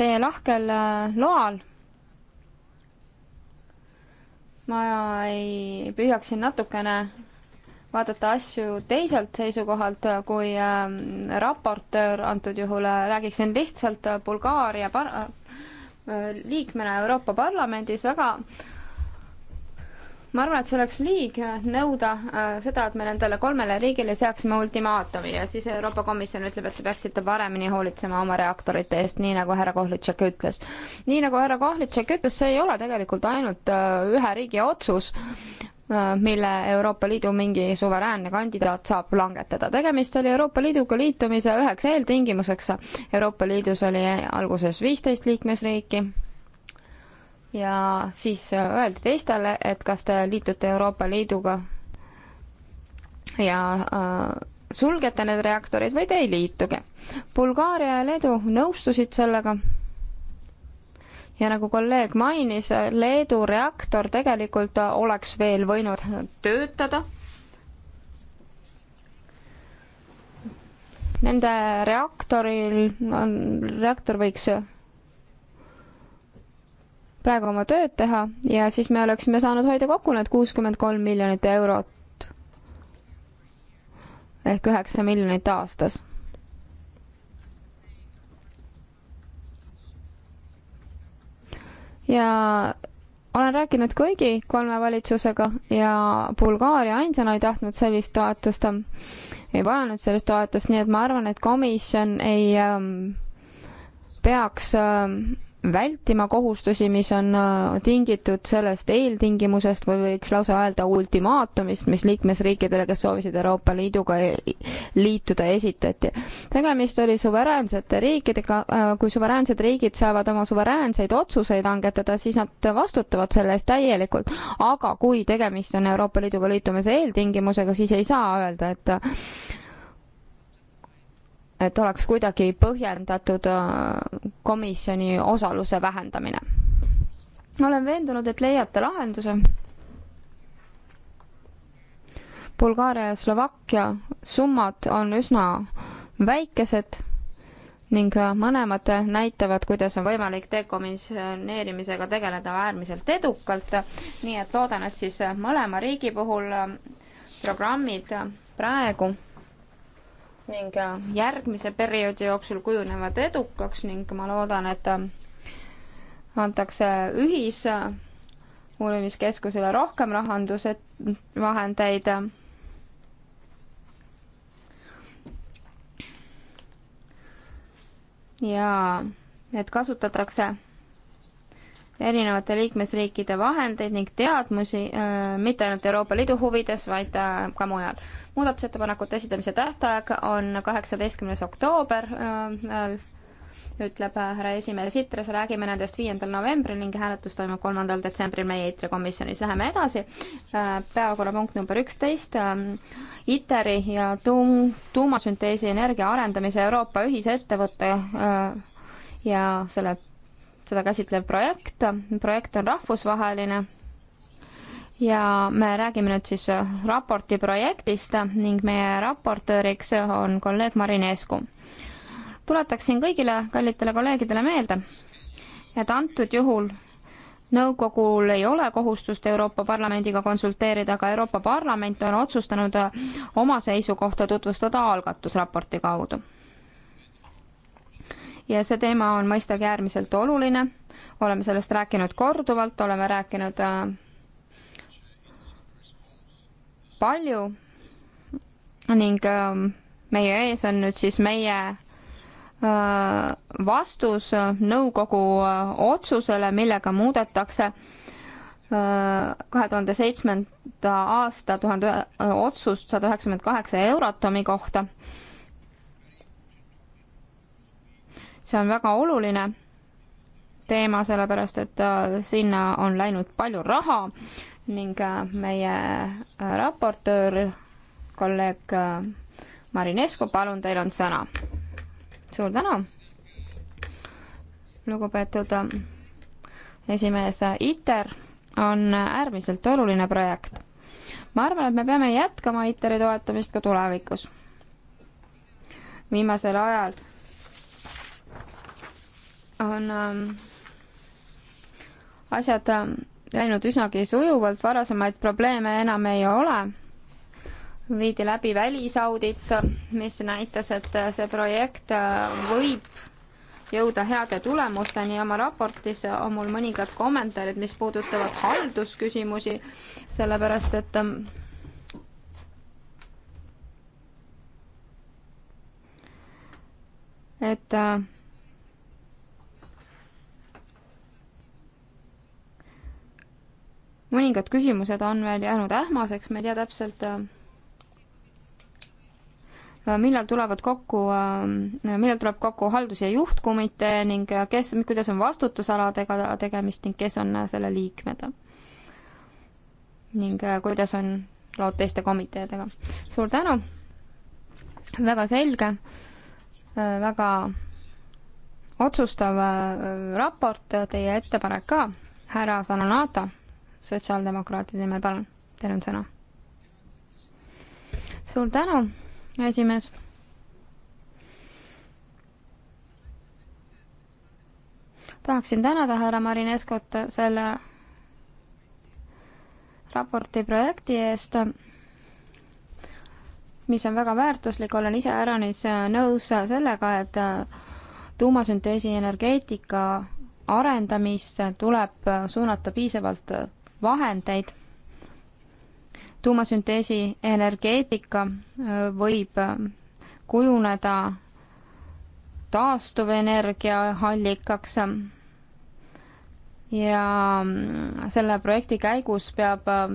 teie lahkel äh, loal ma ei püüaks siin natukene vaadata asju teiselt seisukohalt, äh, kui ähm, raportöör antud juhul äh, räägiksin lihtsalt Bulgaaria par-, liikmena Euroopa Parlamendis väga äh, ma arvan, et see oleks liig nõuda äh, seda, et me nendele kolmele riigile seaksime ultimaatumi ja siis Euroopa Komisjon ütleb, et te peaksite paremini hoolitsema oma reaktorite eest, nii nagu härra Kohlitšek ütles. nii nagu härra Kohlitšek ütles, see ei ole tegelikult ainult äh, ühe riigi otsus, äh, mille Euroopa Liidu mingi suveräänne kandidaat saab langetada. tegemist oli Euroopa Liiduga liitumise üheks eeltingimuseks. Euroopa Liidus oli alguses viisteist liikmesriiki ja siis äh, öeldi teistele, et kas te liitute Euroopa Liiduga ja äh, sulgete need reaktorid või te ei liitugi. Bulgaaria ja Leedu nõustusid sellega. ja nagu kolleeg mainis, Leedu reaktor tegelikult äh, oleks veel võinud töötada. Nende reaktoril on, reaktor võiks praegu oma tööd teha ja siis me oleksime saanud hoida kokku need kuuskümmend kolm miljonit eurot ehk üheksa miljonit aastas. ja olen rääkinud kõigi kolme valitsusega ja Bulgaaria ainsana ei tahtnud sellist toetust, ei vajanud sellist toetust, nii et ma arvan, et komisjon ei ähm, peaks ähm, vältima kohustusi, mis on äh, tingitud sellest eeltingimusest või võiks lausa öelda ultimaatumist, mis liikmesriikidele, kes soovisid Euroopa Liiduga e-, liituda, esitati. tegemist oli suveräänsete riikidega, äh, kui suveräänsed riigid saavad oma suveräänseid otsuseid langetada, siis nad vastutavad selle eest täielikult, aga kui tegemist on Euroopa Liiduga liitumise eeltingimusega, siis ei saa öelda, et et oleks kuidagi põhjendatud äh, komisjoni osaluse vähendamine. olen veendunud, et leiate lahenduse. Bulgaaria ja Slovakkia summad on üsna väikesed ning äh, mõlemad näitavad, kuidas on võimalik dekomisjoneerimisega tegeleda äärmiselt edukalt. nii et loodan, et siis äh, mõlema riigi puhul programmid praegu ning äh, järgmise perioodi jooksul kujunevad edukaks ning ma loodan, et äh, antakse ühisuurimiskeskusele äh, rohkem rahanduse vahendeid. ja et kasutatakse erinevate liikmesriikide vahendeid ning teadmusi äh, mitte ainult Euroopa Liidu huvides, vaid äh, ka mujal. muudatusettepanekute esitamise tähtaeg on kaheksateistkümnes oktoober, äh, ütleb härra esimees Itras, räägime nendest viiendal novembril ning hääletus toimub kolmandal detsembril meie ITRE komisjonis. Läheme edasi, päevakorrapunkt number üksteist, ITER-i ja tuum, tuumasünteesi energia arendamise Euroopa ühisettevõte ja selle seda käsitlev projekt, projekt on rahvusvaheline ja me räägime nüüd siis raporti projektist ning meie raportööriks on kolleeg Marin Esku. tuletaksin kõigile kallitele kolleegidele meelde, et antud juhul nõukogul ei ole kohustust Euroopa Parlamendiga konsulteerida, aga Euroopa Parlament on otsustanud oma seisukohta tutvustada algatusraporti kaudu ja see teema on mõistagi äärmiselt oluline. oleme sellest rääkinud korduvalt, oleme rääkinud äh, palju ning äh, meie ees on nüüd siis meie äh, vastus nõukogu otsusele, millega muudetakse kahe tuhande seitsmenda aasta tuhande otsust sada üheksakümmend kaheksa Euratomi kohta see on väga oluline teema, sellepärast et äh, sinna on läinud palju raha ning äh, meie äh, raportöör, kolleeg Marinesko, palun, teil on sõna. suur tänu, lugupeetud esimees, ITER on äärmiselt oluline projekt. ma arvan, et me peame jätkama ITER-i toetamist ka tulevikus. viimasel ajal on ähm, asjad ähm, läinud üsnagi sujuvalt, varasemaid probleeme enam ei ole. viidi läbi välisaudit, mis näitas, et äh, see projekt äh, võib jõuda heade tulemusteni ja oma raportis on mul mõningad kommentaarid, mis puudutavad haldusküsimusi, sellepärast et ähm, et äh, mõningad küsimused on veel jäänud ähmaseks, me ei tea täpselt, äh, millal tulevad kokku, äh, millal tuleb kokku haldus- ja juhtkomitee ning kes, kuidas on vastutusaladega tegemist ning kes on selle liikmed. ning äh, kuidas on lood teiste komiteedega. suur tänu, väga selge, väga otsustav raport, teie ettepanek ka, härra Sanonata sotsiaaldemokraatide nimel, palun, teil on sõna. suur tänu, esimees. tahaksin tänada härra Marineskot selle raporti projekti eest, mis on väga väärtuslik, olen ise äranis nõus sellega, et tuumasünteesi energeetika arendamisse tuleb suunata piisavalt vahendeid. tuumasünteesi energeetika äh, võib äh, kujuneda taastuvenergia allikaks ja mm, selle projekti käigus peab äh,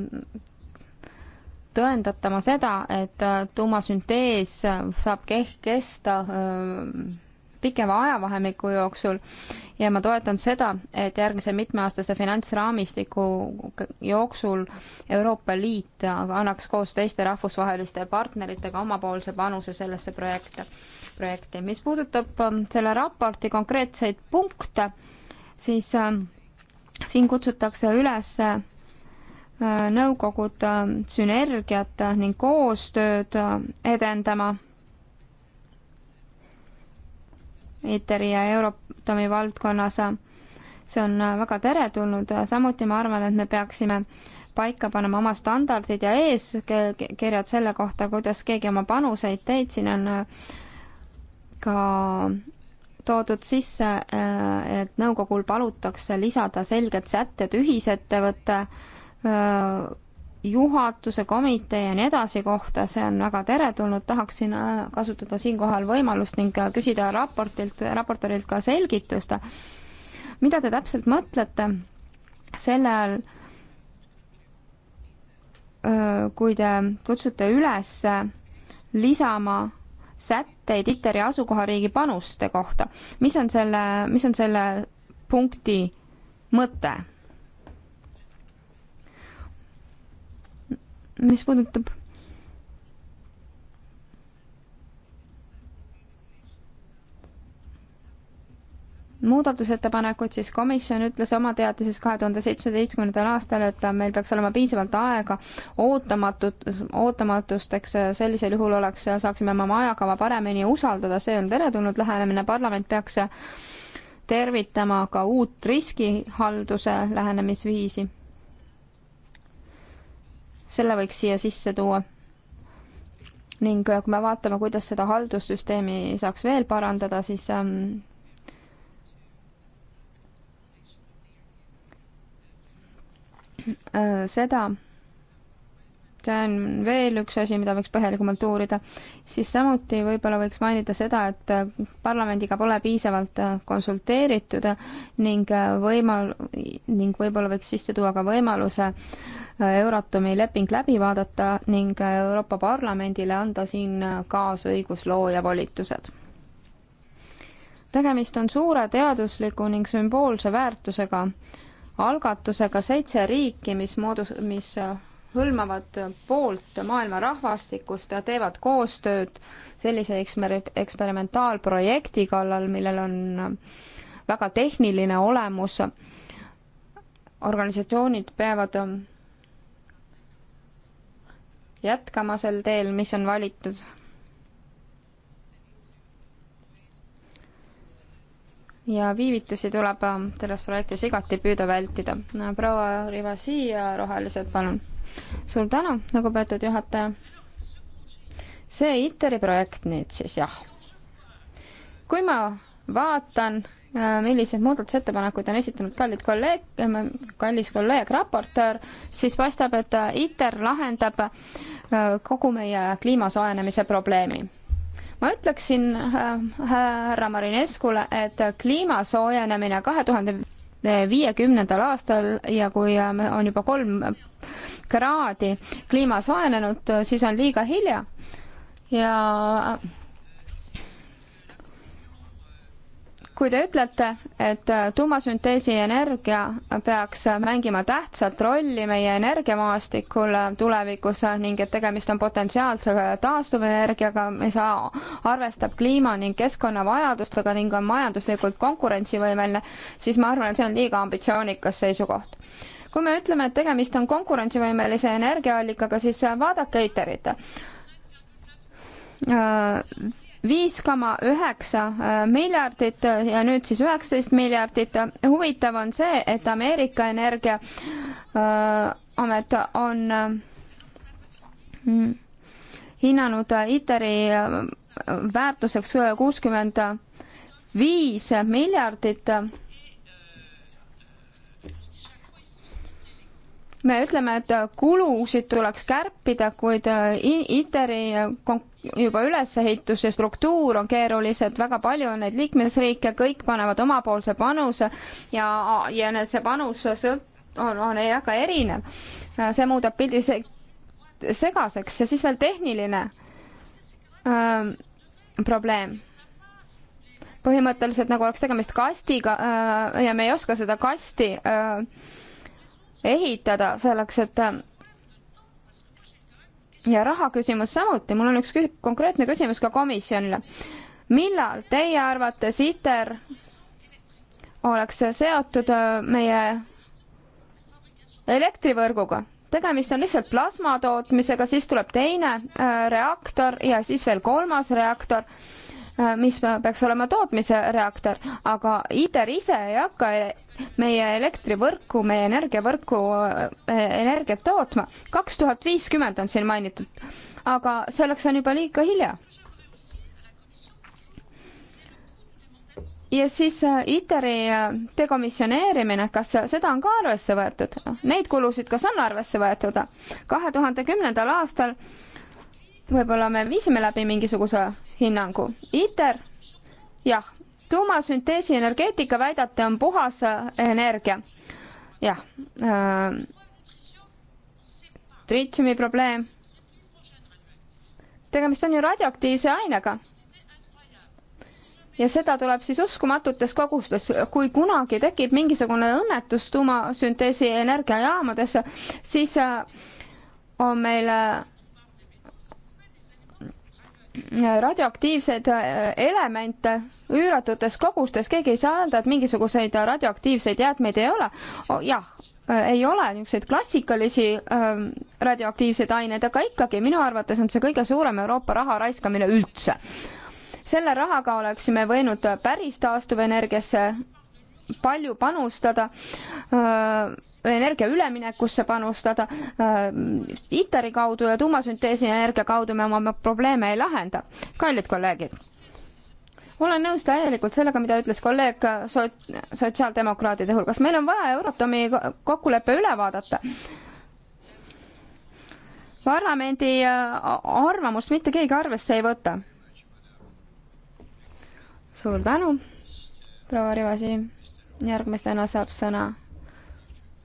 tõendatama seda, et tuumasüntees saab keh-, kesta öö, pikema ajavahemiku jooksul ja ma toetan seda, et järgmise mitmeaastase finantsraamistiku jooksul Euroopa Liit annaks koos teiste rahvusvaheliste partneritega omapoolse panuse sellesse projekte, projekti. mis puudutab ähm, selle raporti konkreetseid punkte, siis ähm, siin kutsutakse üles äh, nõukogud ähm, sünergiat ning koostööd äh, edendama ITER-i ja Eurotomi valdkonnas. see on väga teretulnud, samuti ma arvan, et me peaksime paika panema oma standardid ja eeskirjad selle kohta, kuidas keegi oma panuseid teeb, siin on ka toodud sisse, et nõukogul palutakse lisada selged sätted ühisettevõtte juhatuse, komitee ja nii edasi kohta, see on väga teretulnud, tahaksin äh, kasutada siinkohal võimalust ning äh, küsida raportilt, raportorilt ka selgitust, mida te täpselt mõtlete selle all, äh, kui te kutsute üles lisama sätteid ITER-i asukohariigi panuste kohta, mis on selle, mis on selle punkti mõte? mis puudutab muudatusettepanekuid, siis komisjon ütles oma teatises kahe tuhande seitsmeteistkümnendal aastal, et meil peaks olema piisavalt aega ootamatud, ootamatusteks, sellisel juhul oleks, saaksime oma ajakava paremini usaldada, see on teretulnud lähenemine, parlament peaks tervitama ka uut riskihalduse lähenemisviisi selle võiks siia sisse tuua. ning äh, kui me vaatame, kuidas seda haldussüsteemi saaks veel parandada, siis ähm, äh, seda on veel üks asi, mida võiks põhjalikumalt uurida, siis samuti võib-olla võiks mainida seda, et parlamendiga pole piisavalt äh, konsulteeritud ning äh, võimal-, ning võib-olla võiks sisse tuua ka võimaluse äh, Euratomi leping läbi vaadata ning Euroopa Parlamendile anda siin kaasõiguslooja volitused tegemist on suure teadusliku ning sümboolse väärtusega algatusega seitse riiki, mis moodus-, mis hõlmavad poolt maailma rahvastikust ja teevad koostööd sellise eksmer-, eksperimentaalprojekti kallal, millel on väga tehniline olemus. organisatsioonid peavad jätkama sel teel, mis on valitud. ja viivitusi tuleb selles projektis igati püüda vältida. proua Rivasi ja Rohelised, palun suur tänu, lugupeetud juhataja. see ITER-i projekt nüüd siis jah. kui ma vaatan, äh, milliseid muudatusettepanekuid on esitanud kallid kolleeg, äh, kallis kolleeg, raportöör, siis paistab, et äh, ITER lahendab kogu meie kliima soojenemise probleemi. ma ütleksin härra Marineskule, et kliima soojenemine kahe tuhande viiekümnendal aastal ja kui äh, on juba kolm kraadi kliima soojenenud, äh, siis on liiga hilja ja kui te ütlete, et äh, tuumasünteesi energia peaks mängima tähtsat rolli meie energiamaastikul äh, tulevikus äh, ning et tegemist on potentsiaalse taastuvenergiaga, mis arvestab kliima ning keskkonna vajadustega ning on majanduslikult konkurentsivõimeline, siis ma arvan, et see on liiga ambitsioonikas seisukoht kui me ütleme, et tegemist on konkurentsivõimelise energiaallikaga, siis vaadake ITER-it viis koma üheksa äh, miljardit äh, ja nüüd siis üheksateist miljardit. huvitav on see, et Ameerika Energiaamet äh, on hinnanud ITER-i väärtuseks kuuskümmend viis miljardit. me ütleme, et kulusid tuleks kärpida, kuid ITER-i konk-, juba ülesehitus ja struktuur on keerulised, väga palju on neid liikmesriike, kõik panevad omapoolse panuse ja, ja see panus sõlt-, on, on väga erinev. see muudab pildi se-, segaseks ja siis veel tehniline öö, ähm, probleem põhimõtteliselt nagu oleks tegemist kastiga äh, ja me ei oska seda kasti äh, ehitada selleks, et äh, ja raha küsimus samuti, mul on üks küs konkreetne küsimus ka komisjonile. millal teie arvates ITER oleks seotud äh, meie elektrivõrguga? tegemist on lihtsalt plasma tootmisega, siis tuleb teine äh, reaktor ja siis veel kolmas reaktor, äh, mis peaks olema tootmise reaktor, aga ITER ise ei hakka meie elektrivõrku, meie energiavõrku äh, energiat tootma. kaks tuhat viiskümmend on siin mainitud, aga selleks on juba liiga hilja ja siis äh, ITER-i äh, dekomisjoneerimine, kas seda on ka arvesse võetud? Noh, neid kulusid, kas on arvesse võetud? kahe tuhande kümnendal aastal võib-olla me viisime läbi mingisuguse hinnangu. ITER, jah, tuumasünteesi energeetika väidate on puhas äh, energia. jah äh,. tritiumi probleem. tegemist on ju radioaktiivse ainega ja seda tuleb siis uskumatutes kogustes. kui kunagi tekib mingisugune õnnetus tuumasünteesi energiajaamades, siis äh, on meil äh, radioaktiivseid äh, elemente üüratutes kogustes, keegi ei saa öelda, et mingisuguseid radioaktiivseid jäätmeid ei ole oh,. jah, ei ole niisuguseid klassikalisi ähm, radioaktiivseid aineid, aga ikkagi minu arvates on see kõige suurem Euroopa raha raiskamine üldse selle rahaga oleksime võinud päris taastuvenergiasse palju panustada, energia üleminekusse panustada, ITER-i kaudu ja tuumasünteesi energia kaudu me oma probleeme ei lahenda. kallid kolleegid olen nõus täielikult sellega, mida ütles kolleeg soot-, sotsiaaldemokraatide hulgas. meil on vaja Euratomi kokkulepe üle vaadata. parlamendi arvamust mitte keegi arvesse ei võta suur tänu, proua Rivasi. järgmisena saab sõna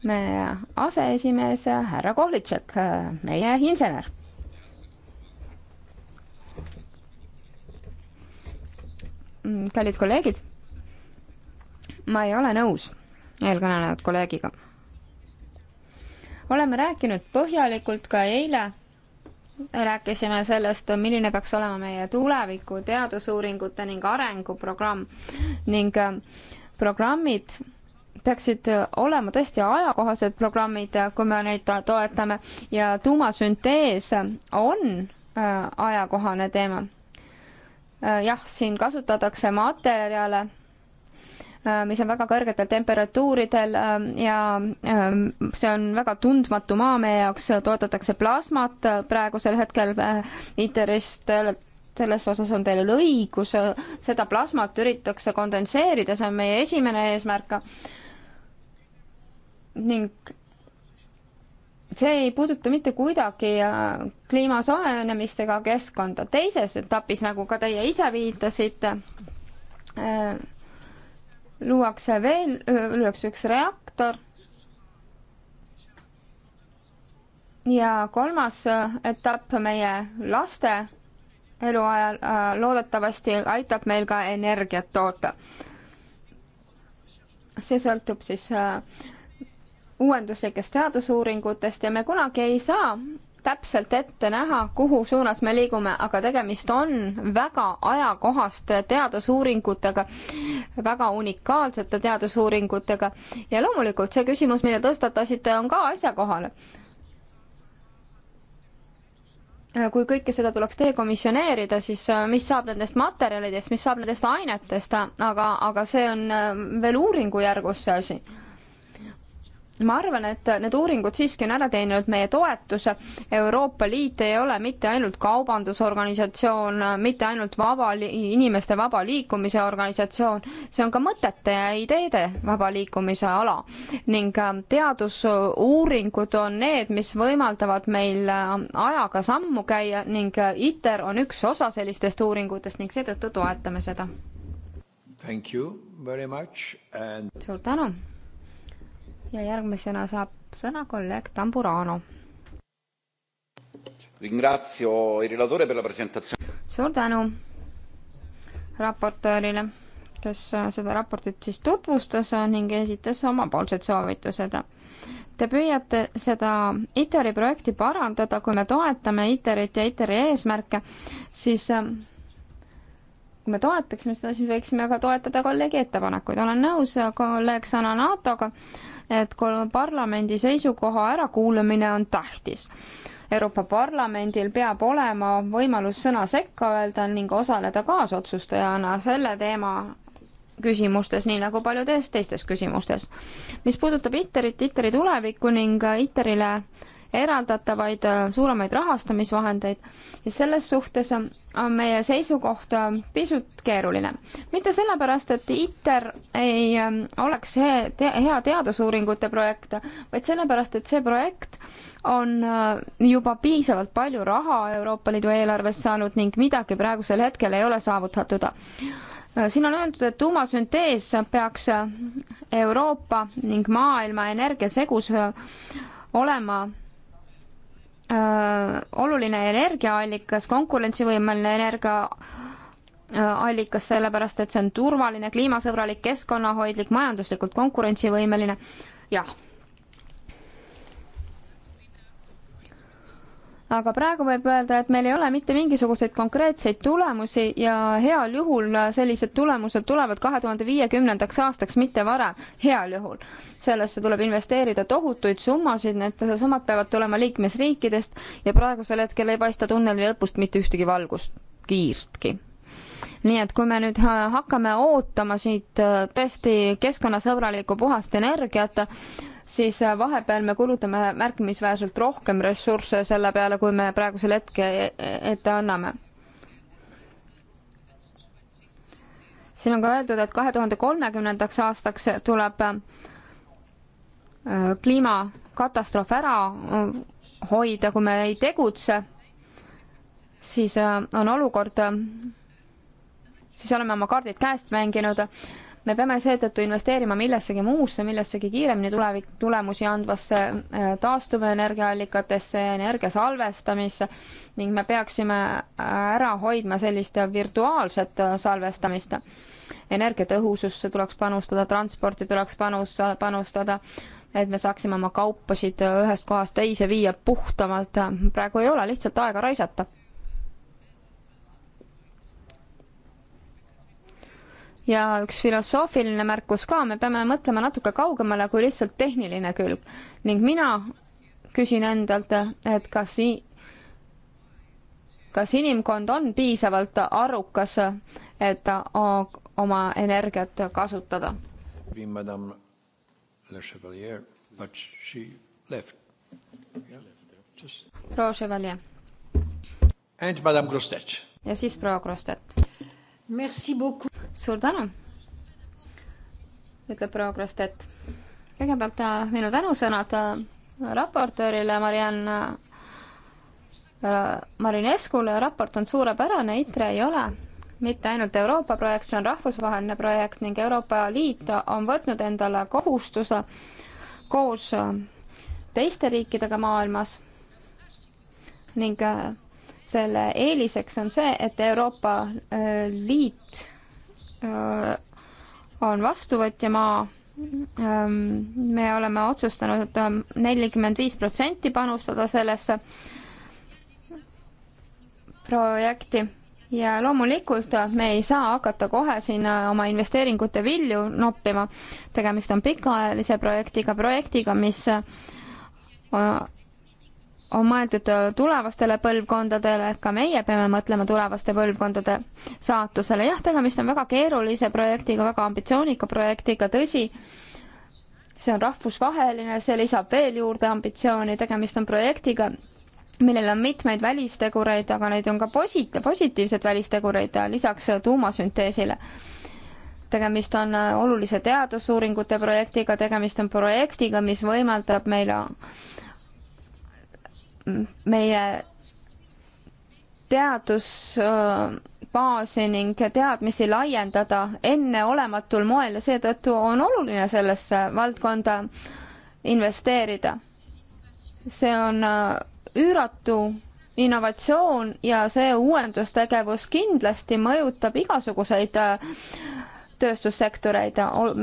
meie aseesimees härra Kohlitšek, meie insener. kallid kolleegid, ma ei ole nõus eelkõnelenud kolleegiga. oleme rääkinud põhjalikult ka eile rääkisime sellest, milline peaks olema meie tuleviku teadusuuringute ning arenguprogramm ning äh, programmid peaksid olema tõesti ajakohased programmid, äh, kui me neid toetame ja tuumasüntees on äh, ajakohane teema. jah, siin kasutatakse materjale Äh, mis on väga kõrgetel temperatuuridel ähm, ja ähm, see on väga tundmatu maa meie jaoks, toodetakse plasmat äh, praegusel hetkel äh, interest selles osas on teil õigus, seda plasmat üritatakse kondenseerida, see on meie esimene eesmärk. ning see ei puuduta mitte kuidagi kliima soojenemist ega keskkonda. teises etapis, nagu ka teie ise viitasite äh,, luuakse veel, luuakse üks reaktor ja kolmas etapp meie laste eluajal äh, loodetavasti aitab meil ka energiat toota. see sõltub siis äh, uuenduslikest teadusuuringutest ja me kunagi ei saa täpselt ette näha, kuhu suunas me liigume, aga tegemist on väga ajakohaste teadusuuringutega, väga unikaalsete teadusuuringutega ja loomulikult see küsimus, mille tõstatasite, on ka asjakohane. kui kõike seda tuleks dekomisjoneerida, siis äh, mis saab nendest materjalidest, mis saab nendest ainetest, aga, aga see on äh, veel uuringujärgus see asi ma arvan, et need uuringud siiski on ära teeninud meie toetuse. Euroopa Liit ei ole mitte ainult kaubandusorganisatsioon, mitte ainult vaba, inimeste vaba liikumise organisatsioon, see on ka mõtete ja ideede vaba liikumise ala. ning äh, teadusuuringud on need, mis võimaldavad meil äh, ajaga sammu käia ning äh, ITER on üks osa sellistest uuringutest ning seetõttu toetame seda. And... suur tänu ja järgmisena saab sõna kolleeg Tamburano. suur tänu raportöörile, kes seda raportit siis tutvustas ning esitas omapoolsed soovitused. Te püüate seda ITER-i projekti parandada, kui me toetame ITER-it ja ITER-i eesmärke, siis kui me toetaksime seda, siis võiksime ka toetada kolleegi ettepanekuid. olen nõus kolleeg Sananatoga, et parlamendi seisukoha ärakuulamine on tähtis. Euroopa Parlamendil peab olema võimalus sõna sekka öelda ning osaleda kaasotsustajana selle teema küsimustes, nii nagu paljudes teistes küsimustes. mis puudutab ITER-it, ITER-i tulevikku ning ITER-ile äh, eraldatavaid äh, suuremaid rahastamisvahendeid ja selles suhtes äh, on meie seisukoht äh, pisut keeruline. mitte sellepärast, et ITER ei ähm, oleks hea, hea teadusuuringute projekt, vaid sellepärast, et see projekt on juba piisavalt palju raha Euroopa Liidu eelarvest saanud ning midagi praegusel hetkel ei ole saavutatud siin on öeldud, et tuumasüntees peaks Euroopa ning maailma energiasegus olema oluline energiaallikas, konkurentsivõimeline energiaallikas, sellepärast et see on turvaline, kliimasõbralik, keskkonnahoidlik, majanduslikult konkurentsivõimeline, jah aga praegu võib öelda, et meil ei ole mitte mingisuguseid konkreetseid tulemusi ja heal juhul sellised tulemused tulevad kahe tuhande viiekümnendaks aastaks, mitte varem, heal juhul. sellesse tuleb investeerida tohutuid summasid, need summad peavad tulema liikmesriikidest ja praegusel hetkel ei paista tunneli lõpust mitte ühtegi valgust, kiirtki nii et kui me nüüd hakkame ootama siit äh, tõesti keskkonnasõbralikku puhast energiat, siis äh, vahepeal me kulutame märkimisväärselt rohkem ressursse selle peale, kui me praegusel hetkel e-, ette anname. siin on ka öeldud, et kahe tuhande kolmekümnendaks aastaks tuleb äh, kliimakatastroof ära äh, hoida, kui me ei tegutse, siis on olukord, siis oleme oma kaardid käest mänginud me peame seetõttu investeerima millessegi muusse, millessegi kiiremini tulevik, tulemusi andvasse äh, taastuvenergiaallikatesse ja energia salvestamisse ning me peaksime äh, ära hoidma sellist virtuaalset äh, salvestamist. energiatõhususse tuleks panustada, transporti tuleks panus, panustada, et me saaksime oma kaupasid ühest kohast teise viia puhtamalt. praegu ei ole lihtsalt aega raisata ja üks filosoofiline märkus ka, me peame mõtlema natuke kaugemale kui lihtsalt tehniline külg. ning mina küsin endalt, et kas kas inimkond on piisavalt arukas, et oma energiat kasutada? proua Chevalier. ja siis proua Krustet suur tänu, ütleb proua Krostet. kõigepealt äh, minu tänusõnad äh, raportöörile Marianne äh, Marineskule, raport on suurepärane, ITRE ei ole mitte ainult Euroopa projekt, see on rahvusvaheline projekt ning Euroopa Liit on võtnud endale kohustuse koos teiste riikidega maailmas ning selle eeliseks on see, et Euroopa äh, Liit äh, on vastuvõtjamaa. Ähm, me oleme otsustanud ähm, nelikümmend viis protsenti panustada sellesse projekti ja loomulikult me ei saa hakata kohe siin äh, oma investeeringute vilju noppima. tegemist on pikaajalise projektiga, projektiga, mis on mõeldud tulevastele põlvkondadele, et ka meie peame mõtlema tulevaste põlvkondade saatusele. jah, tegemist on väga keerulise projektiga, väga ambitsioonika projektiga, tõsi, see on rahvusvaheline, see lisab veel juurde ambitsiooni, tegemist on projektiga, millel on mitmeid välistegureid, aga neid on ka positi-, positiivseid välistegureid lisaks tuumasünteesile tegemist on olulise teadusuuringute projektiga, tegemist on projektiga, mis võimaldab meile meie teadusbaasi ning teadmisi laiendada enneolematul moel ja seetõttu on oluline sellesse valdkonda investeerida. see on äh, üüratu innovatsioon ja see uuendustegevus kindlasti mõjutab igasuguseid äh, tööstussektoreid,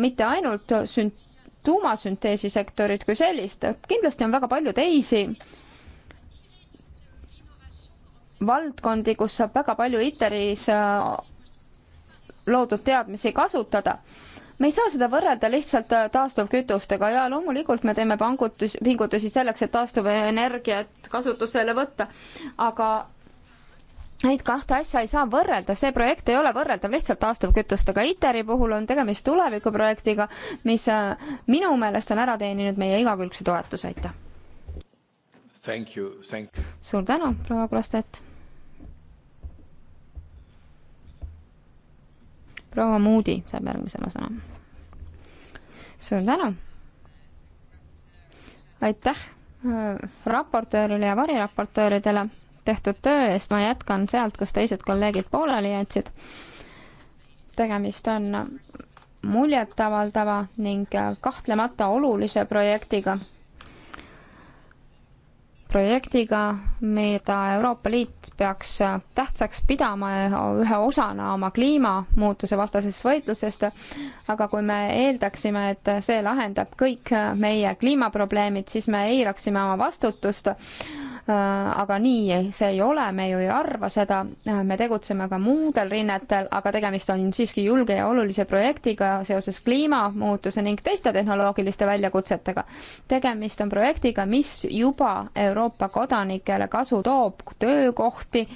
mitte ainult sünt-, tuumasünteesisektorit kui sellist, kindlasti on väga palju teisi valdkondi, kus saab väga palju ITER-is äh, loodud teadmisi kasutada. me ei saa seda võrrelda lihtsalt äh, taastuvkütustega ja loomulikult me teeme pangutus, pingutusi selleks, et taastuvenergiat kasutusele võtta, aga Neid kahte asja ei saa võrrelda, see projekt ei ole võrreldav lihtsalt taastuvkütustega. ITER-i puhul on tegemist tulevikuprojektiga, mis äh, minu meelest on ära teeninud meie igakülgse toetuse, aitäh! suur tänu, proua Krostet! proua Moody saab järgmisena sõna. suur tänu! aitäh äh, raportöörile ja variraportööridele tehtud töö eest, ma jätkan sealt, kus teised kolleegid pooleli jätsid. tegemist on muljetavaldava ning äh, kahtlemata olulise projektiga projektiga, mida Euroopa Liit peaks tähtsaks pidama ühe osana oma kliimamuutuse vastasest võitlusest, aga kui me eeldaksime, et see lahendab kõik meie kliimaprobleemid, siis me eiraksime oma vastutust Äh, aga nii see ei ole, me ju ei arva seda, äh, me tegutseme ka muudel rinnetel, aga tegemist on siiski julge ja olulise projektiga seoses kliimamuutuse ning teiste tehnoloogiliste väljakutsetega. tegemist on projektiga, mis juba Euroopa kodanikele kasu toob, töökohti,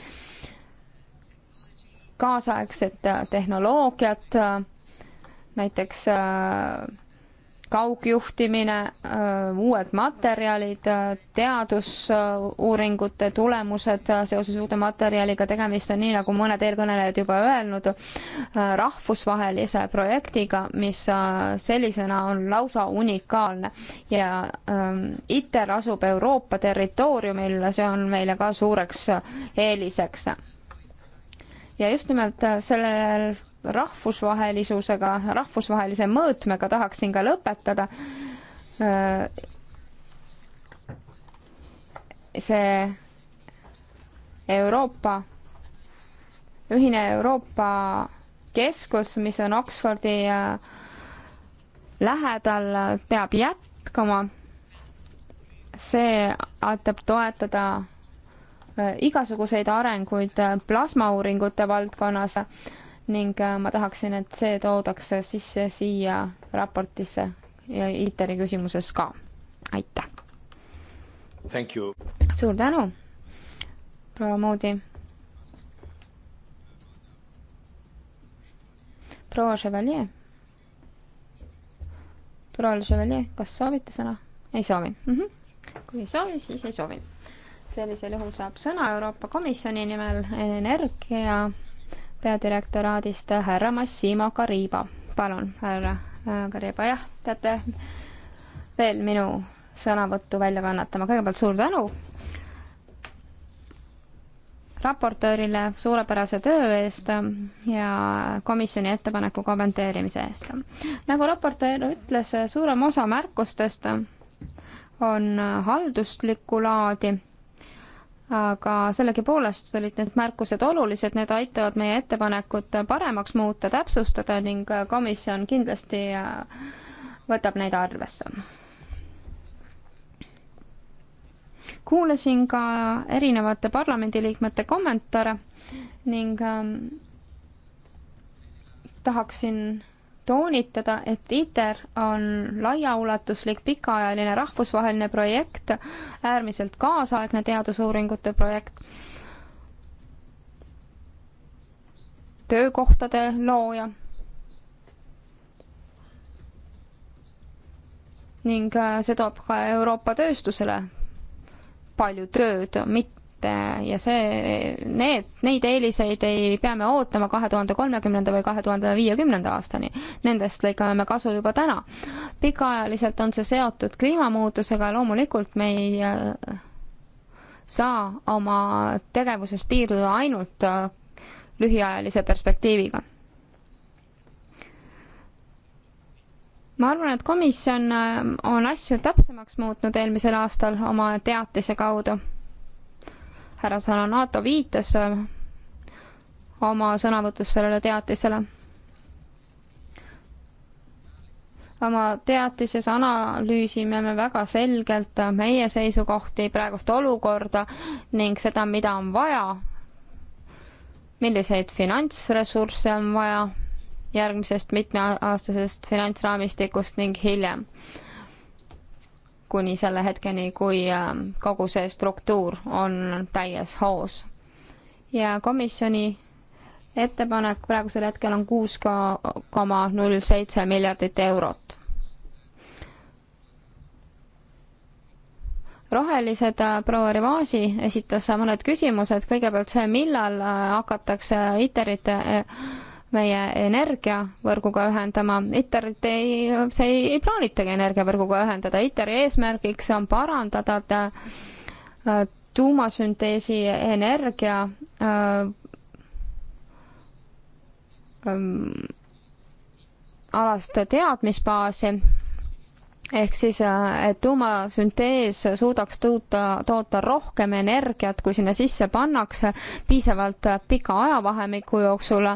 kaasaegset äh, tehnoloogiat, näiteks äh, kaugjuhtimine, äh, uued materjalid, äh, teadusuuringute tulemused äh, seoses uute materjaliga, tegemist on nii, nagu mõned eelkõnelejad juba öelnud, rahvusvahelise projektiga, mis sellisena on lausa unikaalne ja ähm, ITER asub Euroopa territooriumil, see on meile ka suureks eeliseks ja just nimelt sellel rahvusvahelisusega, rahvusvahelise mõõtmega tahaksin ka lõpetada. see Euroopa, ühine Euroopa keskus, mis on Oxfordi äh, lähedal, peab jätkama. see aitab toetada äh, igasuguseid arenguid äh, plasmauuringute valdkonnas ning äh, ma tahaksin, et see toodaks sisse siia raportisse ja ITER-i küsimuses ka. aitäh! suur tänu, proua Moodi! proua Chevalier? proua Chevalier, kas soovite sõna? ei soovi mm. -hmm. kui ei soovi, siis ei soovi. sellisel juhul saab sõna Euroopa Komisjoni nimel energia peadirektoraadist härra Massimo Kariba. palun, härra Kariba, äh, jah, teate veel minu sõnavõttu välja kannatama, kõigepealt suur tänu raportöörile suurepärase töö eest ja komisjoni ettepaneku kommenteerimise eest. nagu raportöör ütles, suurem osa märkustest on halduslikku laadi aga sellegipoolest olid need märkused olulised, need aitavad meie ettepanekut paremaks muuta, täpsustada ning komisjon kindlasti äh, võtab neid arvesse. kuulasin ka erinevate parlamendiliikmete kommentaare ning ähm, tahaksin toonitada, et ITER on laiaulatuslik pikaajaline rahvusvaheline projekt, äärmiselt kaasaegne teadusuuringute projekt, töökohtade looja ning äh, see toob ka Euroopa tööstusele palju tööd, mitte et äh, ja see, need, neid eeliseid ei pea me ootama kahe tuhande kolmekümnenda või kahe tuhande viiekümnenda aastani. Nendest lõikame me kasu juba täna. pikaajaliselt on see seotud kliimamuutusega ja loomulikult me ei äh, saa oma tegevuses piirduda ainult äh, lühiajalise perspektiiviga ma arvan, et komisjon on asju täpsemaks muutnud eelmisel aastal oma teatise kaudu härra Salanato viitas äh, oma sõnavõtus sellele teatisele. oma teatises analüüsime me väga selgelt meie seisukohti, praegust olukorda ning seda, mida on vaja, milliseid finantsressursse on vaja järgmisest mitmeaastasest finantsraamistikust ning hiljem kuni selle hetkeni, kui ähm, kogu see struktuur on täies hoos. ja komisjoni ettepanek praegusel hetkel on kuus koma null seitse miljardit eurot. rohelised äh, proua Rivasi esitas mõned küsimused, kõigepealt see, millal äh, hakatakse ITER-it äh, meie energiavõrguga ühendama. ITER-it ei, see ei, ei plaanitagi energiavõrguga ühendada, ITER-i eesmärgiks on parandada äh, tuumasünteesi energia äh, ähm, alast teadmisbaasi ehk siis, äh, et tuumasüntees suudaks toota, toota rohkem energiat, kui sinna sisse pannakse, piisavalt pika ajavahemiku jooksul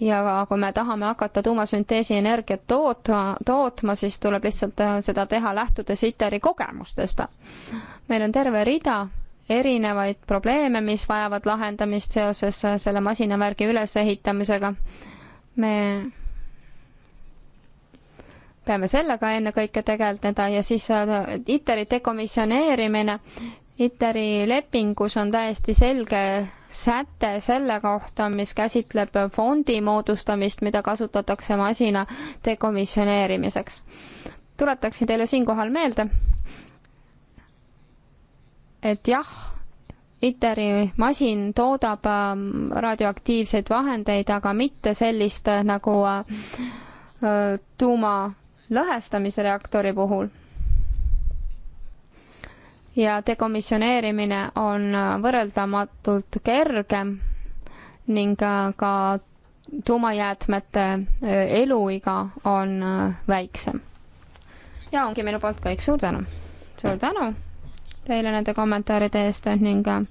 ja kui me tahame hakata tuumasünteesi energiat tootma, tootma, siis tuleb lihtsalt äh, seda teha lähtudes ITER-i kogemustest. meil on terve rida erinevaid probleeme, mis vajavad lahendamist seoses äh, selle masinavärgi ülesehitamisega. me peame sellega ennekõike tegeleda ja siis äh, ITER-i dekomisjoneerimine, ITER-i lepingus on täiesti selge säte selle kohta, mis käsitleb fondi moodustamist, mida kasutatakse masina dekomisjoneerimiseks. tuletaksin teile siinkohal meelde, et jah, ITER-i masin toodab ähm, radioaktiivseid vahendeid, aga mitte sellist äh, nagu äh, äh, tuuma lõhestamise reaktori puhul ja dekomisjoneerimine on võrreldamatult kergem ning ka tuumajäätmete eh, eluiga on eh, väiksem. ja ongi minu poolt kõik, suur tänu! suur tänu teile nende kommentaaride eest ning eh,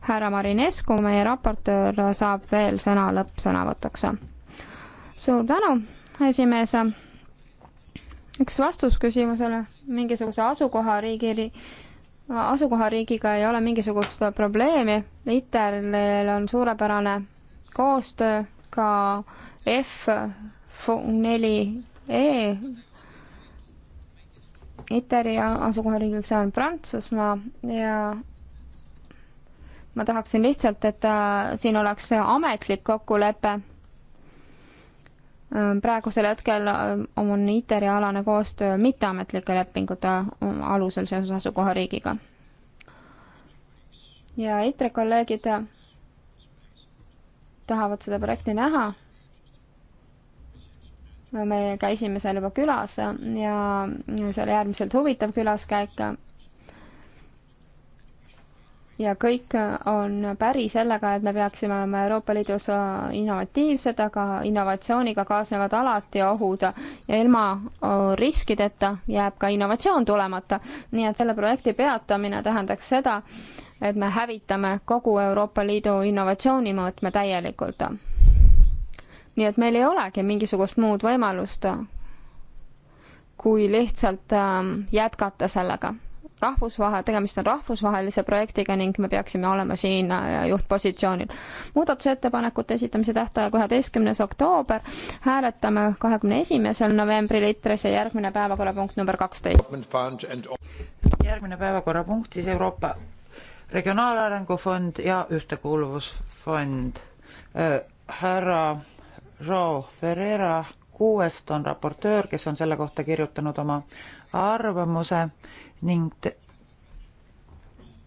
härra Marinescu, meie raportöör, saab veel sõna lõppsõnavõtuks. suur tänu, esimees. üks vastus küsimusele, mingisuguse asukohariigi asukohariigiga ei ole mingisugust probleemi, ITER-il on suurepärane koostöö ka F4E e. ITER-i asukohariigiks on Prantsusmaa ja ma tahaksin lihtsalt, et äh, siin oleks ametlik kokkulepe Äh, praegusel hetkel äh, on ITER-i alane koostöö mitteametlike lepingute äh, alusel seoses asukohariigiga. ja ITRE kolleegid tahavad seda projekti näha. me käisime seal juba külas ja see oli äärmiselt huvitav külaskäik ja kõik on päri sellega, et me peaksime olema Euroopa Liidus innovatiivsed, aga innovatsiooniga kaasnevad alati ohud ja ilma riskideta jääb ka innovatsioon tulemata. nii et selle projekti peatamine tähendaks seda, et me hävitame kogu Euroopa Liidu innovatsioonimõõtme täielikult. nii et meil ei olegi mingisugust muud võimalust, kui lihtsalt ähm, jätkata sellega rahvusvahe, tegemist on rahvusvahelise projektiga ning me peaksime olema siin äh, juhtpositsioonil. muudatusettepanekute esitamise tähtaeg üheteistkümnes oktoober, hääletame kahekümne esimesel novembril ITRES ja järgmine päevakorrapunkt number kaksteist. järgmine päevakorrapunkt siis Euroopa Regionaalarengu Fond ja Ühtekuuluvusfond. Äh, härra Joe Ferreira kuuest on raportöör, kes on selle kohta kirjutanud oma arvamuse ning te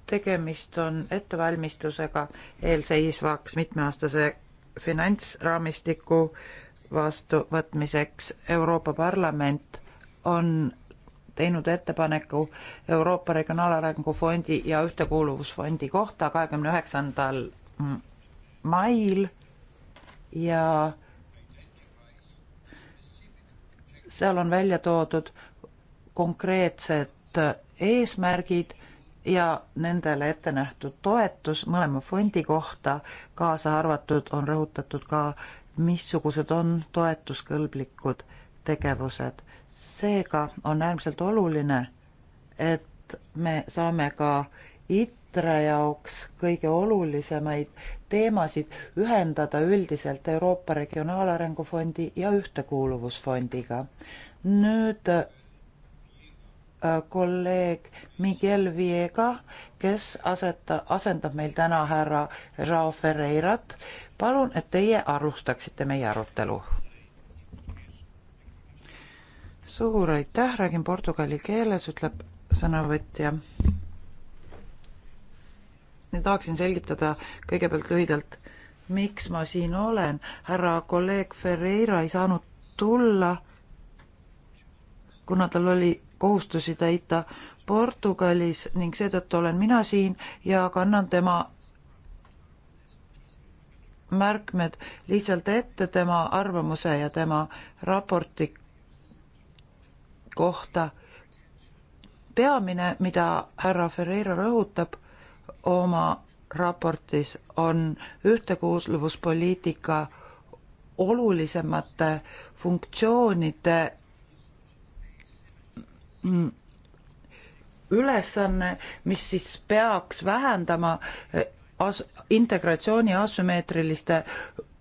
tegemist on ettevalmistusega eelseisvaks mitmeaastase finantsraamistiku vastuvõtmiseks. Euroopa Parlament on teinud ettepaneku Euroopa Regionaalarengu Fondi ja Ühtekuuluvusfondi kohta kahekümne üheksandal mail ja seal on välja toodud konkreetsed eesmärgid ja nendele ette nähtud toetus mõlema fondi kohta, kaasa arvatud on rõhutatud ka, missugused on toetuskõlblikud tegevused. seega on äärmiselt oluline, et me saame ka ITRE jaoks kõige olulisemaid teemasid ühendada üldiselt Euroopa Regionaalarengu Fondi ja Ühtekuuluvusfondiga. nüüd Äh, kolleeg Miguel Viega, kes aseta, asendab meil täna härra Joao Ferreirat. palun, et teie alustaksite meie arutelu. suur aitäh, räägin portugali keeles, ütleb sõnavõtja. tahaksin selgitada kõigepealt lühidalt, miks ma siin olen. härra kolleeg Ferreira ei saanud tulla, kuna tal oli kohustusi täita Portugalis ning seetõttu olen mina siin ja kannan tema märkmed lihtsalt ette tema arvamuse ja tema raporti kohta. peamine, mida härra Ferreira rõhutab oma raportis, on ühtekuuluvuspoliitika olulisemate funktsioonide Mm. ülesanne, mis siis peaks vähendama eh, as-, integratsiooni asümmeetriliste,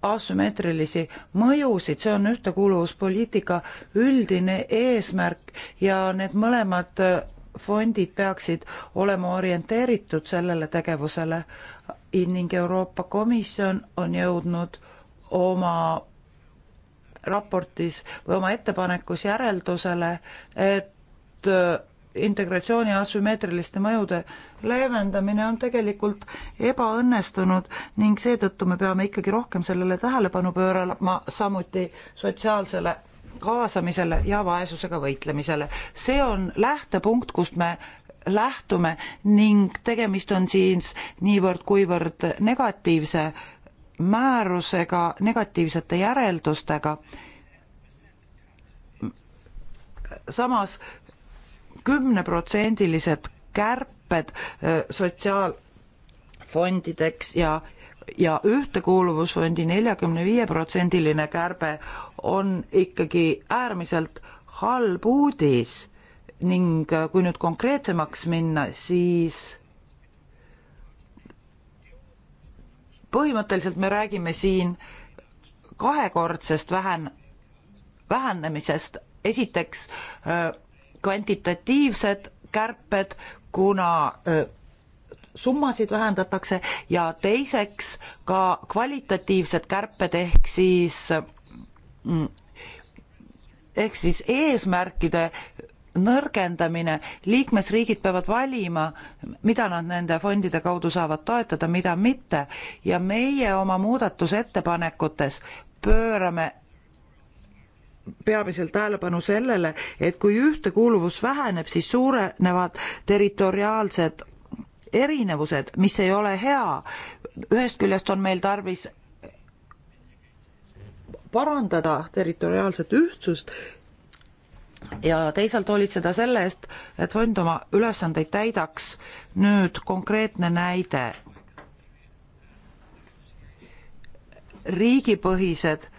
asümmeetrilisi mõjusid, see on ühtekuuluvuspoliitika üldine eesmärk ja need mõlemad eh, fondid peaksid olema orienteeritud sellele tegevusele ning Euroopa Komisjon on jõudnud oma raportis või oma ettepanekus järeldusele, et Äh, integratsiooni asümmeetriliste mõjude leevendamine on tegelikult ebaõnnestunud ning seetõttu me peame ikkagi rohkem sellele tähelepanu pöörama, samuti sotsiaalsele kaasamisele ja vaesusega võitlemisele. see on lähtepunkt, kust me lähtume ning tegemist on siis niivõrd-kuivõrd negatiivse määrusega, negatiivsete järeldustega samas kümneprotsendilised kärped sotsiaalfondideks ja, ja ühtekuuluvusfondi neljakümne viie protsendiline kärbe on ikkagi äärmiselt halb uudis ning kui nüüd konkreetsemaks minna, siis põhimõtteliselt me räägime siin kahekordsest vähen-, vähenemisest, esiteks kvantitatiivsed kärped, kuna summasid vähendatakse ja teiseks ka kvalitatiivsed kärped ehk siis mm, ehk siis eesmärkide nõrgendamine, liikmesriigid peavad valima, mida nad nende fondide kaudu saavad toetada, mida mitte ja meie oma muudatusettepanekutes pöörame peamiselt tähelepanu sellele, et kui ühtekuuluvus väheneb, siis suurenevad territoriaalsed erinevused, mis ei ole hea. ühest küljest on meil tarvis parandada territoriaalset ühtsust ja teisalt hoolitseda selle eest, et fond oma ülesandeid täidaks. nüüd konkreetne näide. riigipõhised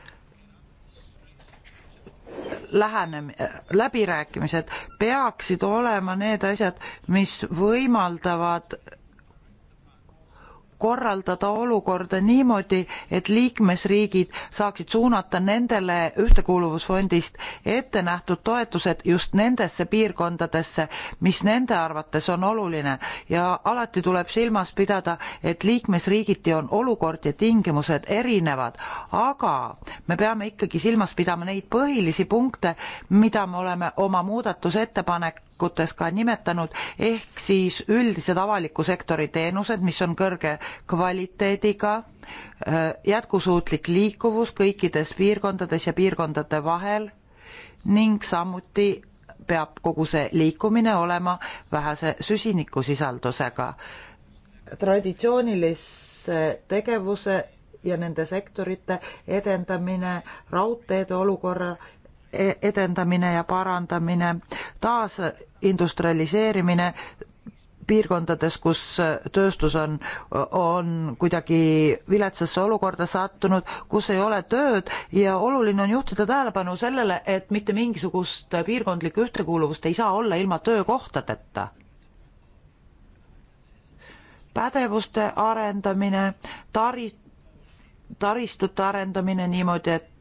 lähenem-, läbirääkimised peaksid olema need asjad, mis võimaldavad korraldada olukorda niimoodi, et liikmesriigid saaksid suunata nendele ühtekuuluvusfondist ette nähtud toetused just nendesse piirkondadesse, mis nende arvates on oluline ja alati tuleb silmas pidada, et liikmesriigiti on olukord ja tingimused erinevad, aga me peame ikkagi silmas pidama neid põhilisi punkte, mida me oleme oma muudatusettepanek arengutes ka nimetanud, ehk siis üldised avaliku sektori teenused, mis on kõrge kvaliteediga, äh, jätkusuutlik liikuvus kõikides piirkondades ja piirkondade vahel ning samuti peab kogu see liikumine olema vähese süsinikusisaldusega. traditsioonilise tegevuse ja nende sektorite edendamine, raudteede olukorra edendamine ja parandamine, taasindustrialiseerimine piirkondades, kus tööstus on, on kuidagi viletsasse olukorda sattunud, kus ei ole tööd ja oluline on juhtida tähelepanu sellele, et mitte mingisugust piirkondlikku ühtekuuluvust ei saa olla ilma töökohtadeta. pädevuste arendamine, tari-, taristute arendamine niimoodi, et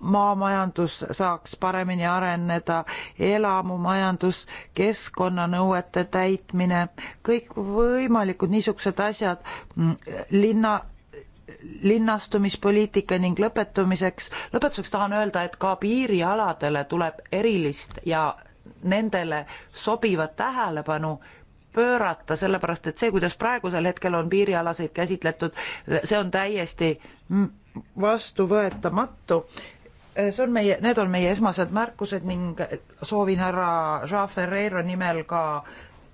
maamajandus saaks paremini areneda, elamumajandus, keskkonnanõuete täitmine, kõikvõimalikud niisugused asjad, mm, linna, linnastumispoliitika ning lõpetumiseks, lõpetuseks tahan öelda, et ka piirialadele tuleb erilist ja nendele sobivat tähelepanu pöörata, sellepärast et see, kuidas praegusel hetkel on piirialaseid käsitletud, see on täiesti vastuvõetamatu Eh, see on meie, need on meie esmased märkused ning soovin härra Jean Ferreira nimel ka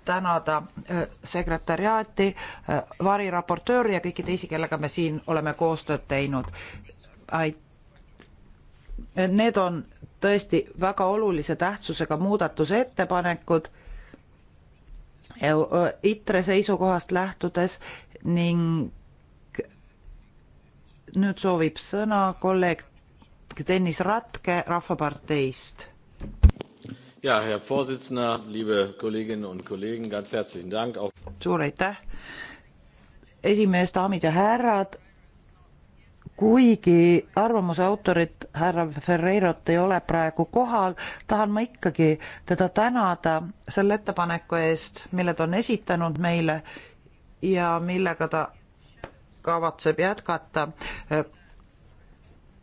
tänada eh, sekretariaati, eh, variraportööri ja kõiki teisi, kellega me siin oleme koostööd teinud. Need on tõesti väga olulise tähtsusega muudatusettepanekud ITRE seisukohast lähtudes ning nüüd soovib sõna kolleeg Ratk, Tõnis Ratke Rahvaparteist. ja, hea Vorsitzender, liebe Kolleginnen und Kollegen, ganz herzlichen Dank auf.... suur aitäh, esimees, daamid ja härrad kuigi arvamuse autorit härra Ferreirot ei ole praegu kohal, tahan ma ikkagi teda tänada selle ettepaneku eest, mille ta on esitanud meile ja millega ta kavatseb jätkata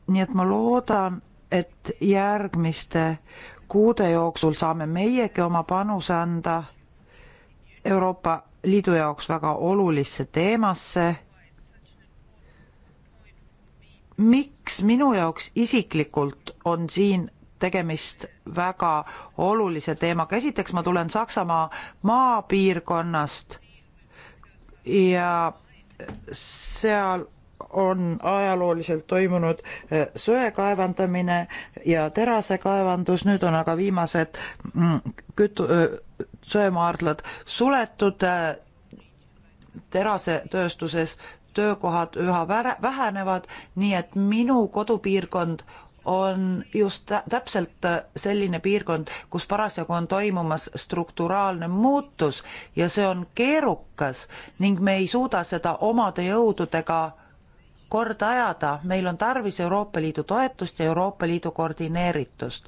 nii et ma loodan, et järgmiste kuude jooksul saame meiegi oma panuse anda Euroopa Liidu jaoks väga olulisse teemasse. miks minu jaoks isiklikult on siin tegemist väga olulise teemaga, esiteks ma tulen Saksamaa maapiirkonnast ja seal on ajalooliselt toimunud eh, söe kaevandamine ja terase kaevandus, nüüd on aga viimased mm, kütu-, eh, söemaardlad suletud, eh, terasetööstuses töökohad üha vähenevad, nii et minu kodupiirkond on just täpselt selline piirkond, kus parasjagu on toimumas strukturaalne muutus ja see on keerukas ning me ei suuda seda omade jõududega korda ajada, meil on tarvis Euroopa Liidu toetust ja Euroopa Liidu koordineeritust.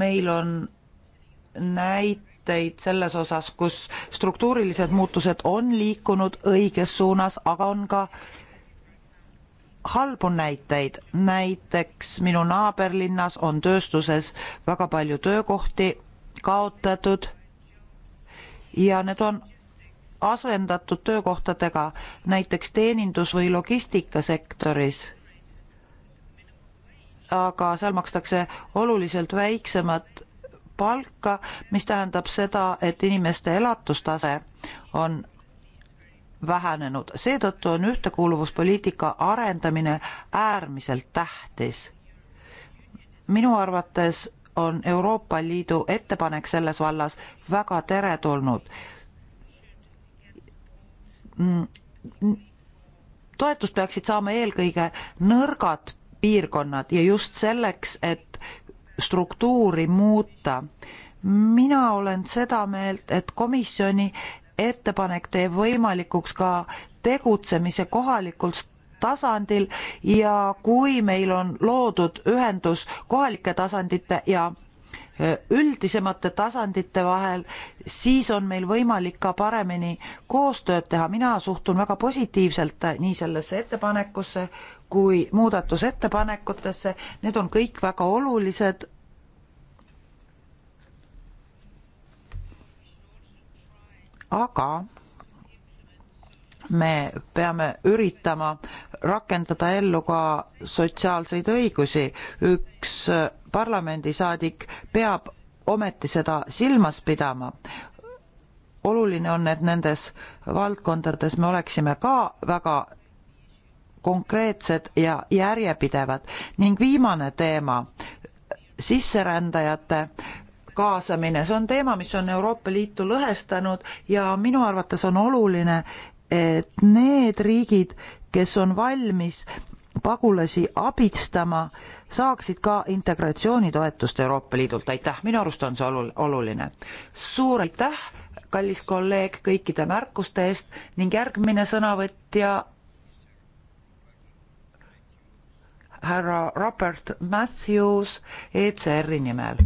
meil on näiteid selles osas, kus struktuurilised muutused on liikunud õiges suunas, aga on ka halbu näiteid, näiteks minu naaberlinnas on tööstuses väga palju töökohti kaotatud ja need on asendatud töökohtadega näiteks teenindus- või logistikasektoris. aga seal makstakse oluliselt väiksemat palka, mis tähendab seda, et inimeste elatustase on vähenenud, seetõttu on ühtekuuluvuspoliitika arendamine äärmiselt tähtis. minu arvates on Euroopa Liidu ettepanek selles vallas väga teretulnud Mm, toetust peaksid saama eelkõige nõrgad piirkonnad ja just selleks, et struktuuri muuta. mina olen seda meelt, et komisjoni ettepanek teeb võimalikuks ka tegutsemise kohalikul tasandil ja kui meil on loodud ühendus kohalike tasandite ja üldisemate tasandite vahel, siis on meil võimalik ka paremini koostööd teha. mina suhtun väga positiivselt nii sellesse ettepanekusse kui muudatusettepanekutesse, need on kõik väga olulised aga me peame üritama rakendada ellu ka sotsiaalseid õigusi. üks parlamendisaadik peab ometi seda silmas pidama. oluline on, et nendes valdkondades me oleksime ka väga konkreetsed ja järjepidevad ning viimane teema, sisserändajate kaasamine, see on teema, mis on Euroopa Liitu lõhestanud ja minu arvates on oluline, et need riigid, kes on valmis pagulasi abistama, saaksid ka integratsioonitoetust Euroopa Liidult, aitäh, minu arust on see olul-, oluline. suur aitäh, kallis kolleeg, kõikide märkuste eest ning järgmine sõnavõtja härra Robert Matthews ECR-i nimel.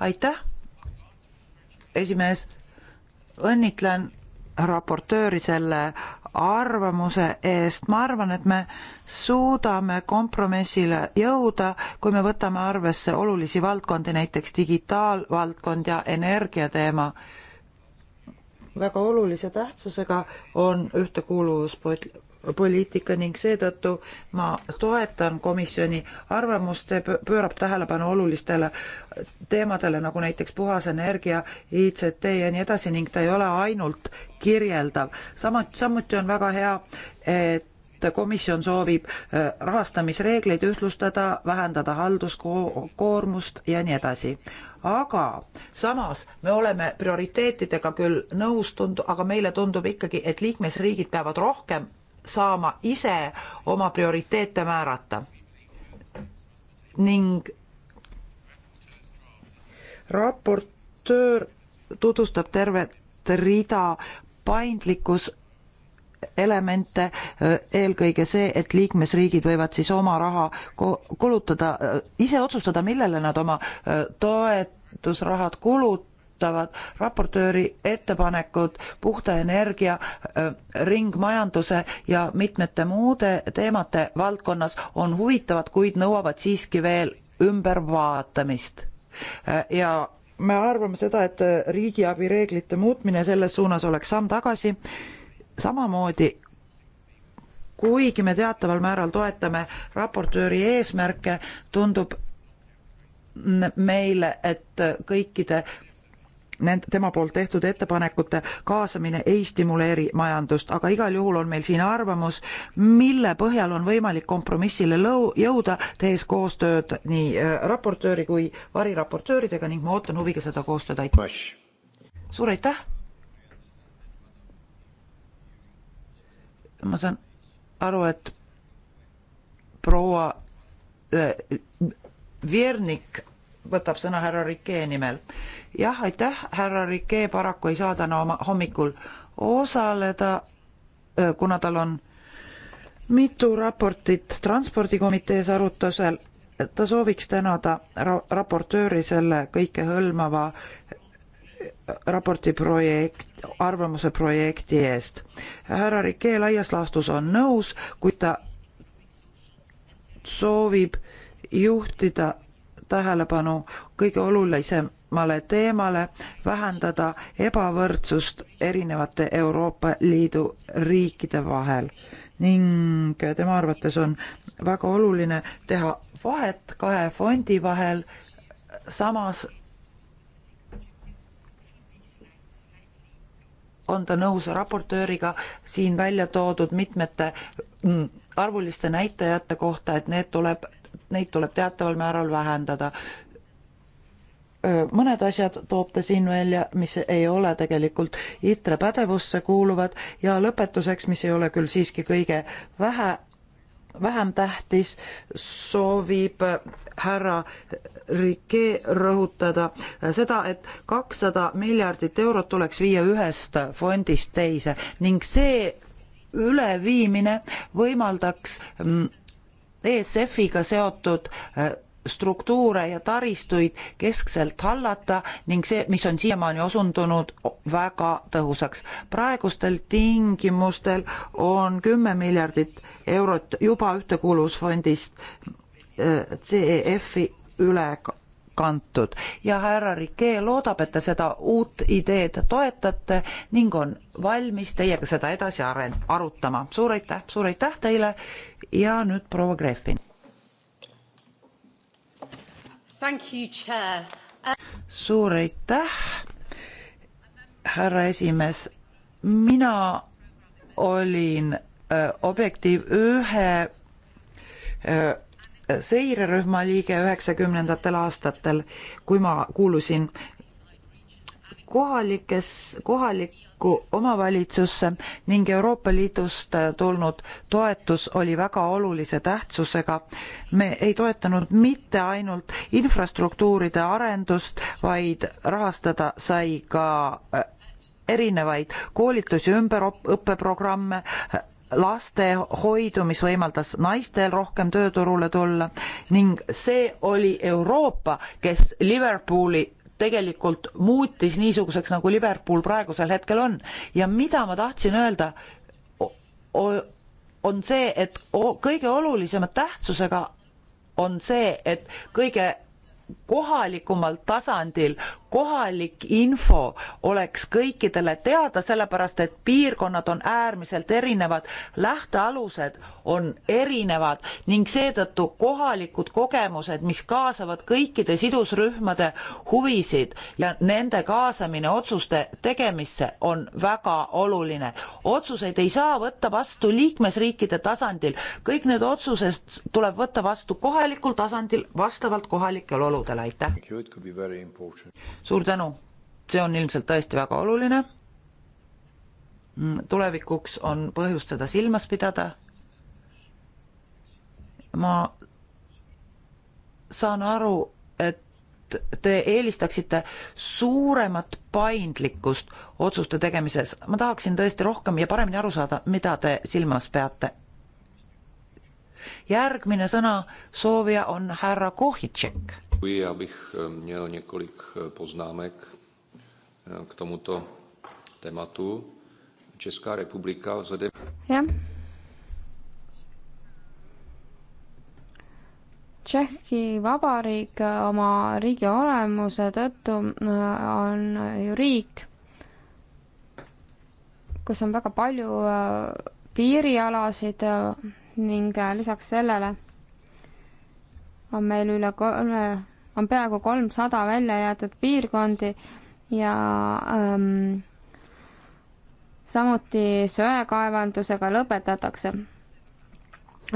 aitäh, esimees, õnnitlen raportööri selle arvamuse eest, ma arvan, et me suudame kompromissile jõuda, kui me võtame arvesse olulisi valdkondi, näiteks digitaalvaldkond ja energiateema. väga olulise tähtsusega on ühtekuuluvuspoliitika poliitika ning seetõttu ma toetan komisjoni arvamust, see pöörab tähelepanu olulistele teemadele, nagu näiteks puhas energia, ICT ja nii edasi ning ta ei ole ainult kirjeldav. samuti, samuti on väga hea, et komisjon soovib äh, rahastamisreegleid ühtlustada, vähendada halduskoormust ja nii edasi. aga samas me oleme prioriteetidega küll nõus tund-, aga meile tundub ikkagi, et liikmesriigid peavad rohkem saama ise oma prioriteete määrata. ning raportöör tutvustab tervet rida paindlikkus elemente, eelkõige see, et liikmesriigid võivad siis oma raha kulutada, ise otsustada, millele nad oma äh, toetusrahad kulut-, puudutavad raportööri ettepanekud puhta energia, äh, ringmajanduse ja mitmete muude teemade valdkonnas on huvitavad, kuid nõuavad siiski veel ümbervaatamist. Äh, ja me arvame seda, et äh, riigiabi reeglite muutmine selles suunas oleks samm tagasi, samamoodi kuigi me teataval määral toetame raportööri eesmärke, tundub meile, et kõikide need tema poolt tehtud ettepanekute kaasamine ei stimuleeri majandust, aga igal juhul on meil siin arvamus, mille põhjal on võimalik kompromissile lõu-, jõuda, tehes koostööd nii äh, raportööri kui variraportööridega ning ma ootan huviga seda koostööd, aitäh! suur aitäh! ma saan aru, et proua äh, Viernik võtab sõna härra Rikee nimel. jah, aitäh, härra Rikee paraku ei saa täna oma hommikul osaleda, kuna tal on mitu raportit Transpordikomitees arutusel. ta sooviks tänada ra-, raportööri selle kõikehõlmava raporti projekt, arvamuse projekti eest. härra Rikee laias laastus on nõus, kuid ta soovib juhtida tähelepanu kõige olulisemale teemale, vähendada ebavõrdsust erinevate Euroopa Liidu riikide vahel ning tema arvates on väga oluline teha vahet kahe fondi vahel, samas on ta nõus raportööriga siin välja toodud mitmete mm, arvuliste näitajate kohta, et need tuleb neid tuleb teataval määral vähendada. mõned asjad toob ta siin välja, mis ei ole tegelikult ITRE pädevusse kuuluvad ja lõpetuseks, mis ei ole küll siiski kõige vähe, vähem tähtis, soovib härra Riquet rõhutada seda, et kakssada miljardit eurot tuleks viia ühest fondist teise ning see üleviimine võimaldaks mm, ESF-iga seotud äh, struktuure ja taristuid keskselt hallata ning see, mis on siiamaani osundunud väga tõhusaks. praegustel tingimustel on kümme miljardit eurot juba ühtekuuluvusfondist äh, CEF-i üle kantud ja härra Rikee loodab, et te seda uut ideed toetate ning on valmis teiega seda edasi aren-, arutama. suur aitäh, suur aitäh teile ja nüüd proua Greffin. suur aitäh, härra esimees. mina olin äh, Objektiiv ühe äh, seirerühma liige üheksakümnendatel aastatel, kui ma kuulusin kohalikes, kohalikku omavalitsusse ning Euroopa Liidust tulnud toetus oli väga olulise tähtsusega. me ei toetanud mitte ainult infrastruktuuride arendust, vaid rahastada sai ka erinevaid koolitus- ja ümberõppeprogramme, lastehoidu, mis võimaldas naistel rohkem tööturule tulla ning see oli Euroopa, kes Liverpooli tegelikult muutis niisuguseks, nagu Liverpool praegusel hetkel on. ja mida ma tahtsin öelda, on see, et kõige olulisema tähtsusega on see, et kõige kohalikumal tasandil kohalik info oleks kõikidele teada, sellepärast et piirkonnad on äärmiselt erinevad, lähtealused on erinevad ning seetõttu kohalikud kogemused, mis kaasavad kõikide sidusrühmade huvisid ja nende kaasamine otsuste tegemisse on väga oluline. otsuseid ei saa võtta vastu liikmesriikide tasandil, kõik need otsused tuleb võtta vastu kohalikul tasandil vastavalt kohalikele oludele oludele, aitäh! suur tänu! see on ilmselt tõesti väga oluline. tulevikuks on põhjust seda silmas pidada. ma saan aru, et te eelistaksite suuremat paindlikkust otsuste tegemises. ma tahaksin tõesti rohkem ja paremini aru saada, mida te silmas peate. järgmine sõna soovija on härra Kohitšek Já bych eh, měl několik eh, poznámek eh, k tomuto tématu. Česká republika vzhledem... Jah. Tšehhi Vabariik oma riigi olemuse tõttu on ju riik, kus on väga palju piirialasid ning lisaks sellele on meil üle kolme on peaaegu kolmsada välja jäetud piirkondi ja ähm, samuti söekaevandusega lõpetatakse.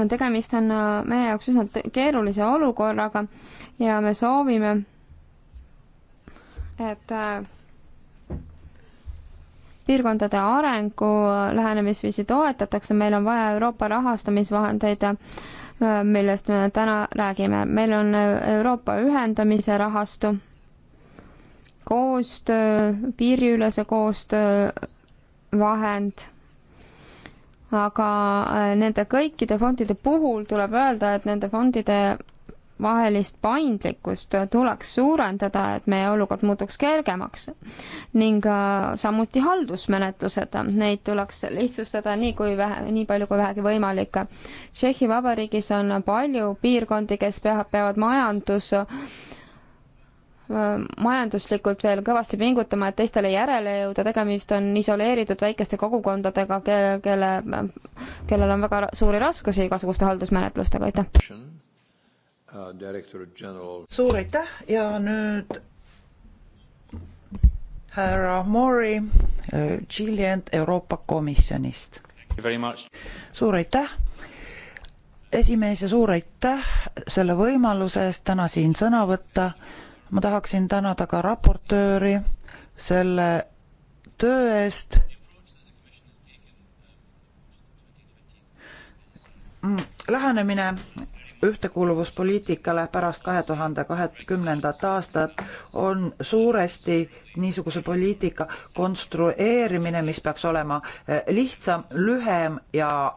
tegemist on äh, meie jaoks üsna keerulise olukorraga ja me soovime, et äh, piirkondade arengu lähenemisviisi toetatakse, meil on vaja Euroopa rahastamisvahendeid äh, millest me täna räägime. meil on Euroopa ühendamise rahastu, koostöö, piiriülese koostöö vahend aga äh, nende kõikide fondide puhul tuleb öelda, et nende fondide vahelist paindlikkust tuleks suurendada, et meie olukord muutuks kergemaks. ning äh, samuti haldusmenetlused, neid tuleks lihtsustada nii kui vähe, nii palju kui vähegi võimalik. Tšehhi Vabariigis on palju piirkondi, kes peavad majandus äh, majanduslikult veel kõvasti pingutama, et teistele järele jõuda, tegemist on isoleeritud väikeste kogukondadega, kelle, kelle, kellel on väga suuri raskusi igasuguste haldusmenetlustega, aitäh! Uh, Director General. suur aitäh ja nüüd härra Mori Chilient uh, Euroopa Komisjonist. suur aitäh, esimees ja suur aitäh selle võimaluse eest täna siin sõna võtta. ma tahaksin tänada ka raportööri selle töö eest. Mm, lähenemine ühtekuuluvuspoliitikale pärast kahe tuhande kahekümnendat aastat on suuresti niisuguse poliitika konstrueerimine, mis peaks olema eh, lihtsam, lühem ja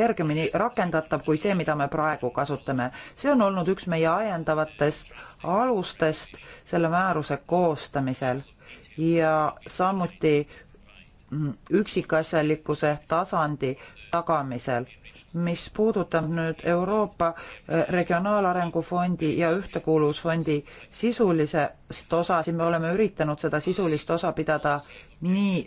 kergemini rakendatav kui see, mida me praegu kasutame. see on olnud üks meie ajendavatest alustest selle määruse koostamisel ja samuti mm, üksikasjalikkuse tasandi tagamisel mis puudutab nüüd Euroopa eh, Regionaalarengu Fondi ja Ühtekuuluvusfondi sisulisest osa, siis me oleme üritanud seda sisulist osa pidada nii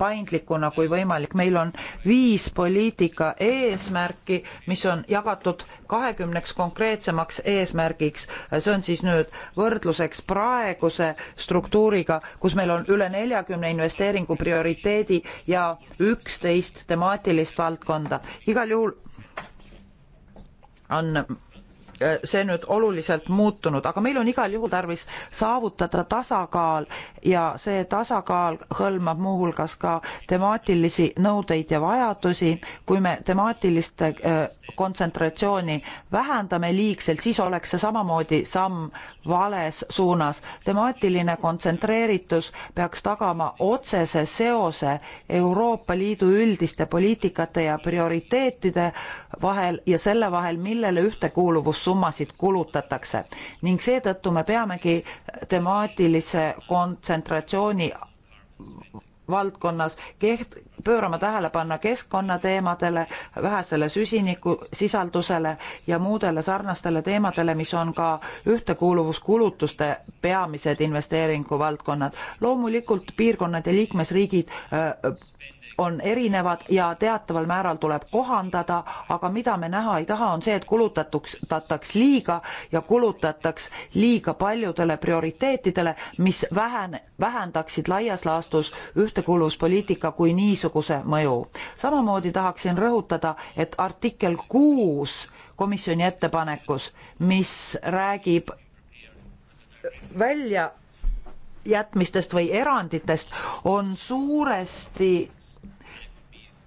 paindlikuna kui võimalik. meil on viis poliitika eesmärki, mis on jagatud kahekümneks konkreetsemaks eesmärgiks. see on siis nüüd võrdluseks praeguse struktuuriga, kus meil on üle neljakümne investeeringu prioriteedi ja üksteist temaatilist valdkonda. igal juhul on Äh, see nüüd oluliselt muutunud, aga meil on igal juhul tarvis saavutada tasakaal ja see tasakaal hõlmab muuhulgas ka temaatilisi nõudeid ja vajadusi. kui me temaatilist äh, kontsentratsiooni vähendame liigselt, siis oleks see samamoodi samm vales suunas. temaatiline kontsentreeritus peaks tagama otsese seose Euroopa Liidu üldiste poliitikate ja prioriteetide vahel ja selle vahel, millele ühtekuuluvus summasid kulutatakse ning seetõttu me peamegi temaatilise kontsentratsiooni valdkonnas keht-, pöörama tähelepanu keskkonnateemadele, vähesele süsinikusisaldusele ja muudele sarnastele teemadele, mis on ka ühtekuuluvuskulutuste peamised investeeringuvaldkonnad. loomulikult piirkonnad ja liikmesriigid on erinevad ja teataval määral tuleb kohandada, aga mida me näha ei taha, on see, et kulutatuks, tataks liiga ja kulutataks liiga paljudele prioriteetidele, mis vähen-, vähendaksid laias laastus ühtekuuluvuspoliitika kui niisuguse mõju. samamoodi tahaksin rõhutada, et artikkel kuus komisjoni ettepanekus, mis räägib välja jätmistest või eranditest on suuresti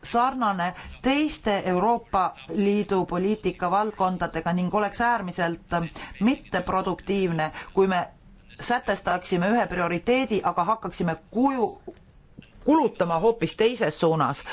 sarnane teiste Euroopa Liidu poliitika valdkondadega ning oleks äärmiselt mitteproduktiivne, kui me sätestaksime ühe prioriteedi, aga hakkaksime kuju, kulutama hoopis teises suunas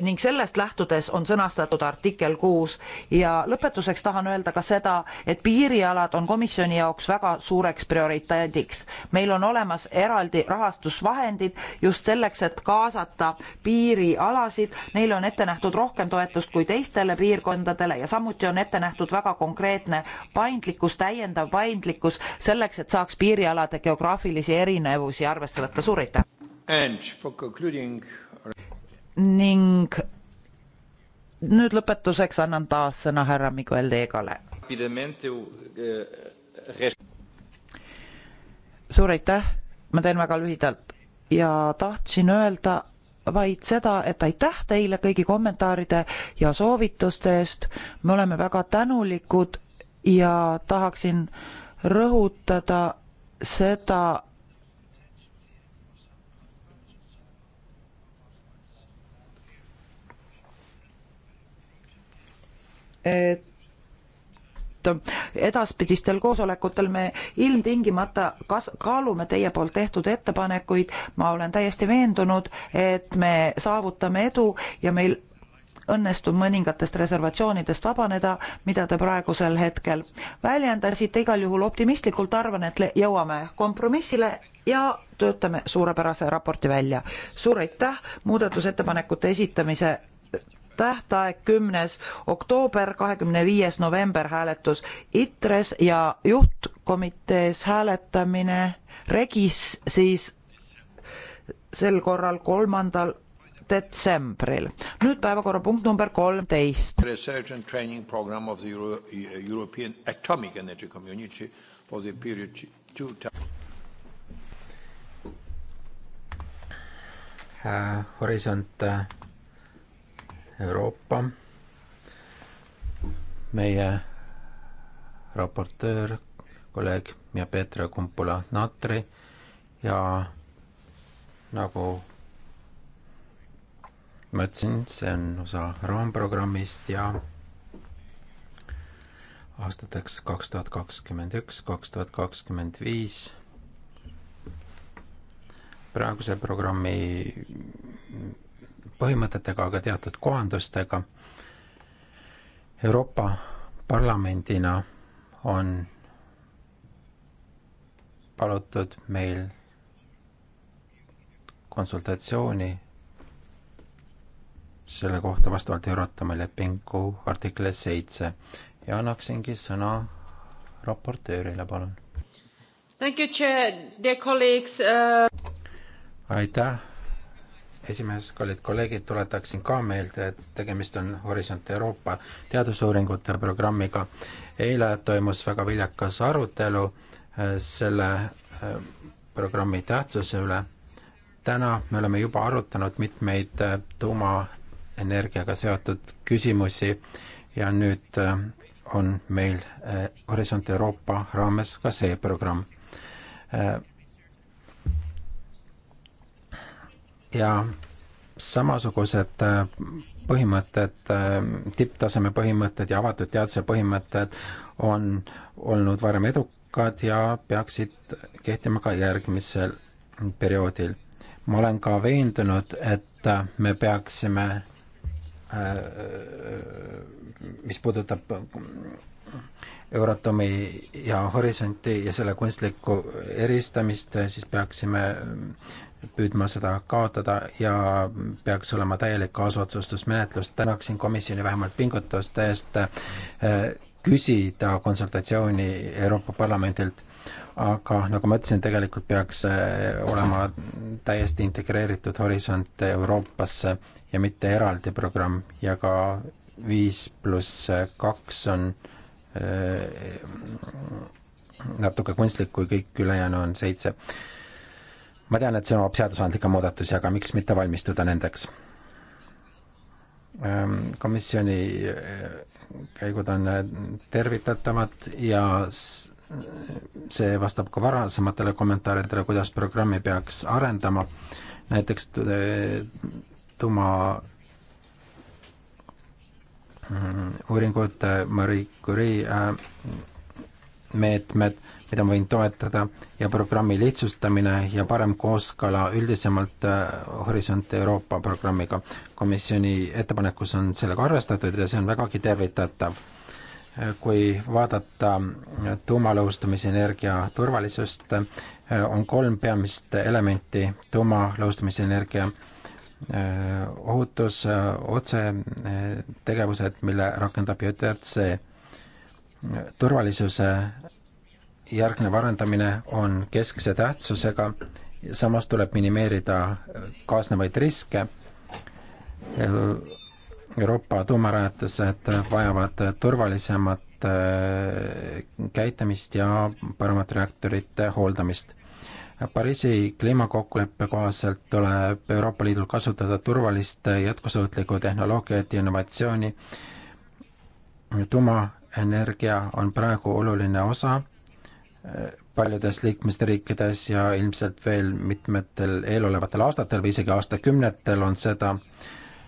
ning sellest lähtudes on sõnastatud artikkel kuus ja lõpetuseks tahan öelda ka seda, et piirialad on komisjoni jaoks väga suureks prioriteediks. meil on olemas eraldi rahastusvahendid just selleks, et kaasata piirialasid, neile on ette nähtud rohkem toetust kui teistele piirkondadele ja samuti on ette nähtud väga konkreetne paindlikkus, täiendav paindlikkus selleks, et saaks piirialade geograafilisi erinevusi arvesse võtta. suur aitäh! Concluding... ning nüüd lõpetuseks annan taas sõna härra Miguel Deegale. Eh, suur aitäh, ma teen väga lühidalt ja tahtsin öelda vaid seda, et aitäh teile kõigi kommentaaride ja soovituste eest, me oleme väga tänulikud ja tahaksin rõhutada seda, et edaspidistel koosolekutel me ilmtingimata kas-, kaalume teie poolt tehtud ettepanekuid, ma olen täiesti veendunud, et me saavutame edu ja meil õnnestub mõningatest reservatsioonidest vabaneda, mida te praegusel hetkel väljendasite, igal juhul optimistlikult arvan, et jõuame kompromissile ja töötame suurepärase raporti välja. suur aitäh muudatusettepanekute esitamise tähtaeg kümnes oktoober, kahekümne viies november hääletus ITRES ja juhtkomitees hääletamine regis siis sel korral kolmandal detsembril. nüüd päevakorrapunkt number kolmteist. Research and training program of the Euro European Atomic Energy Community for the period two äh, Horisont äh, Euroopa. meie raportöör, kolleeg Mia Petra Kumpula-Natri ja nagu ma ütlesin, see on osa raamprogrammist ja aastateks kaks tuhat kakskümmend üks, kaks tuhat kakskümmend viis praeguse programmi põhimõtetega, aga teatud kohandustega. Euroopa Parlamendina on palutud meil konsultatsiooni selle kohta vastavalt Euratomi lepingu artikli seitse ja annaksingi sõna raportöörile, palun. Uh... aitäh, esimees, kallid kolleegid, tuletaksin ka meelde, et tegemist on Horisont Euroopa teadusuuringute programmiga. eile toimus väga viljakas arutelu äh, selle äh, programmi tähtsuse üle. täna me oleme juba arutanud mitmeid äh, tuumaenergiaga seotud küsimusi ja nüüd on meil Horisont Euroopa raames ka see programm ja samasugused äh, põhimõtted, äh, tipptaseme põhimõtted ja avatud teaduse põhimõtted on olnud varem edukad ja peaksid kehtima ka järgmisel perioodil. ma olen ka veendunud, et me peaksime, äh, mis puudutab Euratomi ja Horisonti ja selle kunstlikku eristamist, siis peaksime püüdma seda kaotada ja peaks olema täielik kaasotsustusmenetlus. tänaksin komisjoni vähemalt pingutuste eest äh, küsida konsultatsiooni Euroopa Parlamendilt, aga nagu ma ütlesin, tegelikult peaks äh, olema täiesti integreeritud horisont Euroopasse ja mitte eraldi programm ja ka viis pluss kaks on äh, natuke kunstlik, kui kõik ülejäänu on seitse ma tean, et see nõuab seadusandlikke muudatusi, aga miks mitte valmistuda nendeks? Ehm, komisjoni eh, käigud on eh, tervitatavad ja see vastab ka varasematele kommentaaridele, kuidas programmi peaks arendama, näiteks tuuma eh, mm, uuringud Marie Curie äh, meetmed, mida ma võin toetada, ja programmi lihtsustamine ja parem kooskõla üldisemalt äh, Horisont Euroopa programmiga. komisjoni ettepanekus on sellega arvestatud ja see on vägagi tervitatav. Äh, kui vaadata äh, tuumalõhustamisenergia turvalisust, on kolm peamist elementi tuumalõhustamisenergia ohutus, otsetegevused, mille rakendab JTRC turvalisuse järgnev arendamine on keskse tähtsusega, samas tuleb minimeerida kaasnevaid riske. Euroopa tuumarajatised vajavad turvalisemat äh, käitumist ja paremat reaktorite hooldamist. Pariisi kliimakokkuleppe kohaselt tuleb Euroopa Liidul kasutada turvalist jätkusuutlikku tehnoloogiat ja innovatsiooni tuuma energia on praegu oluline osa eh, paljudes liikmesriikides ja ilmselt veel mitmetel eelolevatel aastatel või isegi aastakümnetel on seda,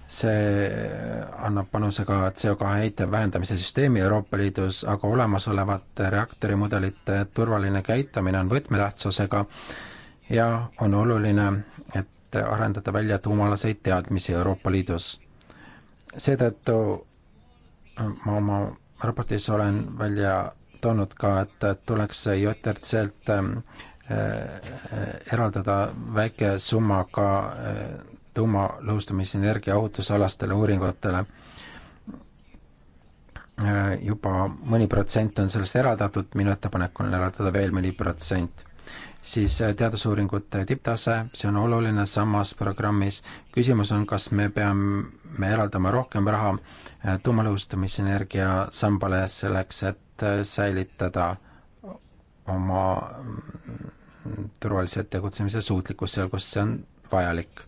see eh, annab panuse ka CO2 heite vähendamise süsteemi Euroopa Liidus, aga olemasolevate reaktorimudelite turvaline käitamine on võtmetähtsusega ja on oluline, et arendada välja tuumalaseid teadmisi Euroopa Liidus. seetõttu ma oma raportis olen välja toonud ka, et tuleks JRC-lt ähm, äh, eraldada väike summa ka äh, tuumalõhustumisenergia ohutusalastele uuringutele äh, juba mõni protsent on sellest eraldatud, minu ettepanek on eraldada veel mõni protsent siis äh, teadusuuringute tipptase, see on oluline samas programmis. küsimus on, kas me peame eraldama rohkem raha äh, tuumalõhustumisenergia sambale selleks, et äh, säilitada oma mm, turvalise tegutsemise suutlikkus seal, kus see on vajalik.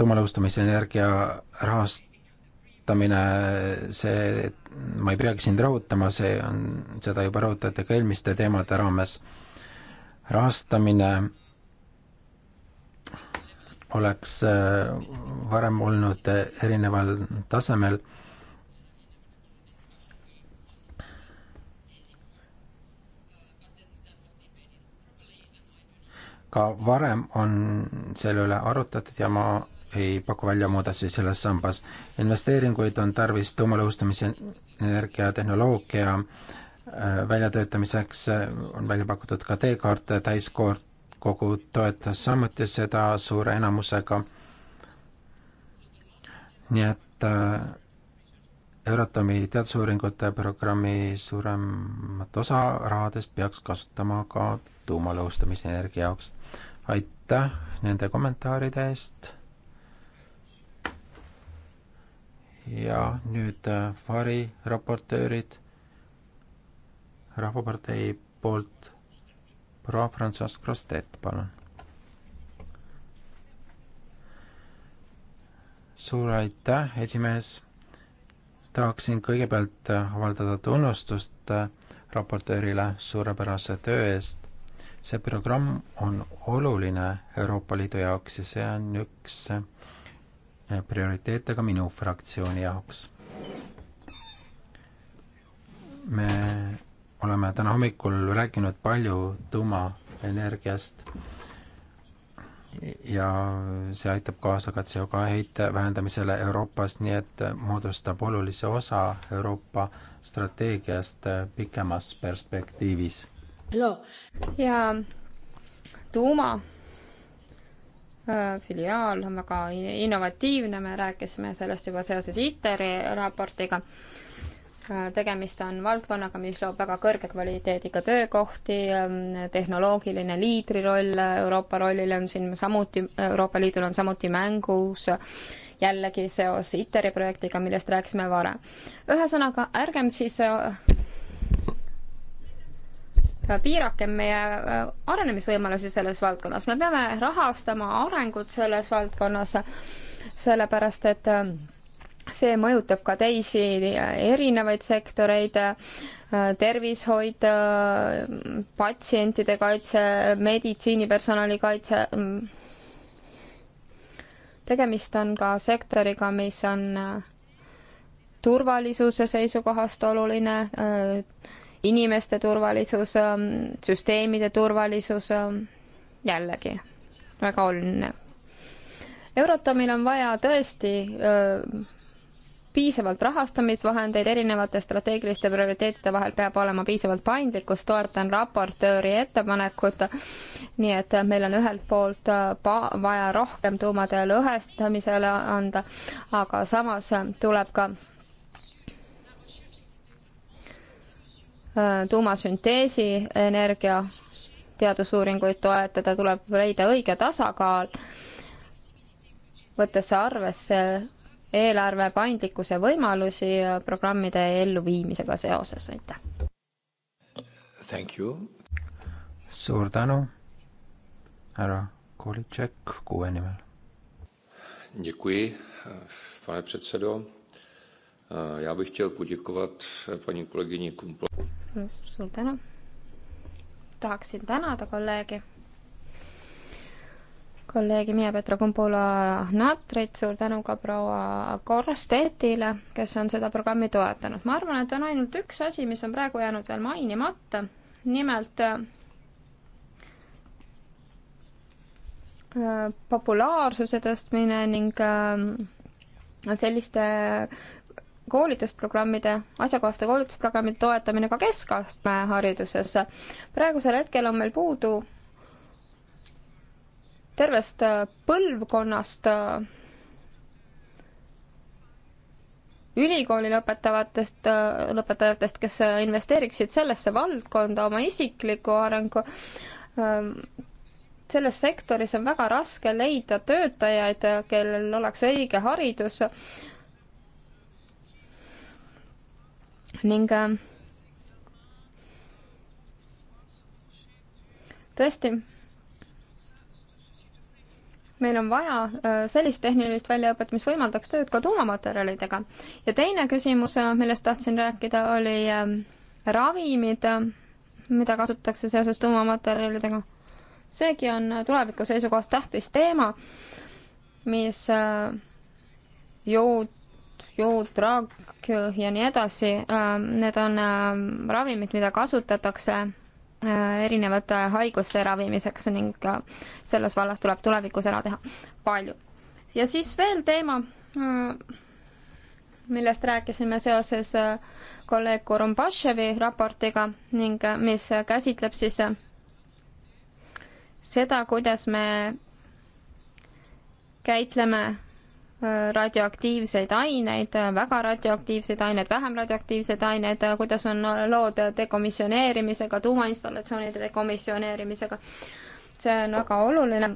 tuumalõhustumisenergia rahastamine, see ma ei peagi sind rõhutama, see on, seda juba rõhutati ka eelmiste teemade raames, rahastamine oleks äh, varem olnud erineval tasemel ka varem on selle üle arutatud ja ma ei paku välja muudatusi selles sambas. investeeringuid on tarvis tuumalõhustamise energiatehnoloogia äh, väljatöötamiseks, äh, on välja pakutud ka teekaart, täiskoort, kogu toetas samuti seda suure enamusega. nii et äh, Euratomi teadusuuringute programmi suuremat osa rahadest peaks kasutama ka tuumalõhustamise energia jaoks. aitäh nende kommentaaride eest ja nüüd äh, variraportöörid Rahvapartei poolt proua Francois Crostet, palun. suur aitäh, esimees. tahaksin kõigepealt äh, avaldada tunnustust äh, raportöörile suurepärase töö eest. see programm on oluline Euroopa Liidu jaoks ja see on üks prioriteete ka minu fraktsiooni jaoks. me oleme täna hommikul rääkinud palju tuumaenergiast ja see aitab kaasa ka CO2 heite vähendamisele Euroopas, nii et moodustab olulise osa Euroopa strateegiast pikemas perspektiivis. ja tuuma Äh, filiaal on väga innovatiivne, me rääkisime sellest juba seoses ITER-i raportiga. Äh, tegemist on valdkonnaga, mis loob väga kõrge kvaliteediga töökohti, ähm, tehnoloogiline liidriroll Euroopa rollile on siin samuti, Euroopa Liidul on samuti mängus jällegi seos ITER-i projektiga, millest rääkisime varem. ühesõnaga, ärgem siis äh, Äh, piirakem meie äh, arenemisvõimalusi selles valdkonnas, me peame rahastama arengut selles valdkonnas, sellepärast et äh, see mõjutab ka teisi erinevaid sektoreid, tervishoid, patsientide kaitse, meditsiinipersonali kaitse. Mm. tegemist on ka sektoriga, mis on turvalisuse seisukohast oluline, inimeste turvalisus, ähm, süsteemide turvalisus, ähm, jällegi väga oluline. Eurotomil on vaja tõesti öö, äh, piisavalt rahastamisvahendeid erinevate strateegiliste prioriteetide vahel peab olema piisavalt paindlikkust, toetan raportööri ettepanekut, nii et meil on ühelt poolt äh, vaja rohkem tuumade lõhestamisele anda, aga samas äh, tuleb ka Äh, tuumasünteesi energia teadusuuringuid toetada, tuleb leida õige tasakaal, võttes arvesse eelarve paindlikkuse võimalusi programmide elluviimisega seoses, aitäh! suur tänu, härra Kolitšek kuue nimel. Děkuji, pane předsedo. Já bych chtěl poděkovat paní kolegyni Kumplo suur tänu. tahaksin tänada kolleegi, kolleegi Miia Petra-Kumpula-Natrit, suur tänu ka proua Korstetile, kes on seda programmi toetanud. ma arvan, et on ainult üks asi, mis on praegu jäänud veel mainimata, nimelt äh, populaarsuse tõstmine ning äh, selliste koolitusprogrammide, asjakohaste koolitusprogrammide toetamine ka keskastme hariduses. praegusel hetkel on meil puudu tervest äh, põlvkonnast äh, ülikooli lõpetavatest, äh, lõpetajatest, kes investeeriksid sellesse valdkonda oma isikliku arengu. Ähm, selles sektoris on väga raske leida töötajaid, kellel oleks õige haridus ning äh, tõesti, meil on vaja äh, sellist tehnilist väljaõpet, mis võimaldaks tööd ka tuumamaterjalidega. ja teine küsimus, äh, millest tahtsin rääkida, oli ravimid, mida kasutatakse seoses tuumamaterjalidega. seegi on tuleviku seisukohast tähtis teema, mis jõud jood, raak ja nii edasi, ähm, need on ähm, ravimid, mida kasutatakse äh, erinevate haiguste ravimiseks ning äh, selles vallas tuleb tulevikus ära teha palju. ja siis veel teema, äh, millest rääkisime seoses kolleeg Korombaševi raportiga ning mis käsitleb siis seda, kuidas me käitleme radioaktiivseid aineid, väga radioaktiivseid aineid, vähem radioaktiivseid aineid, kuidas on lood dekomisjoneerimisega, tuumainstallatsioonide dekomisjoneerimisega. see on väga oluline,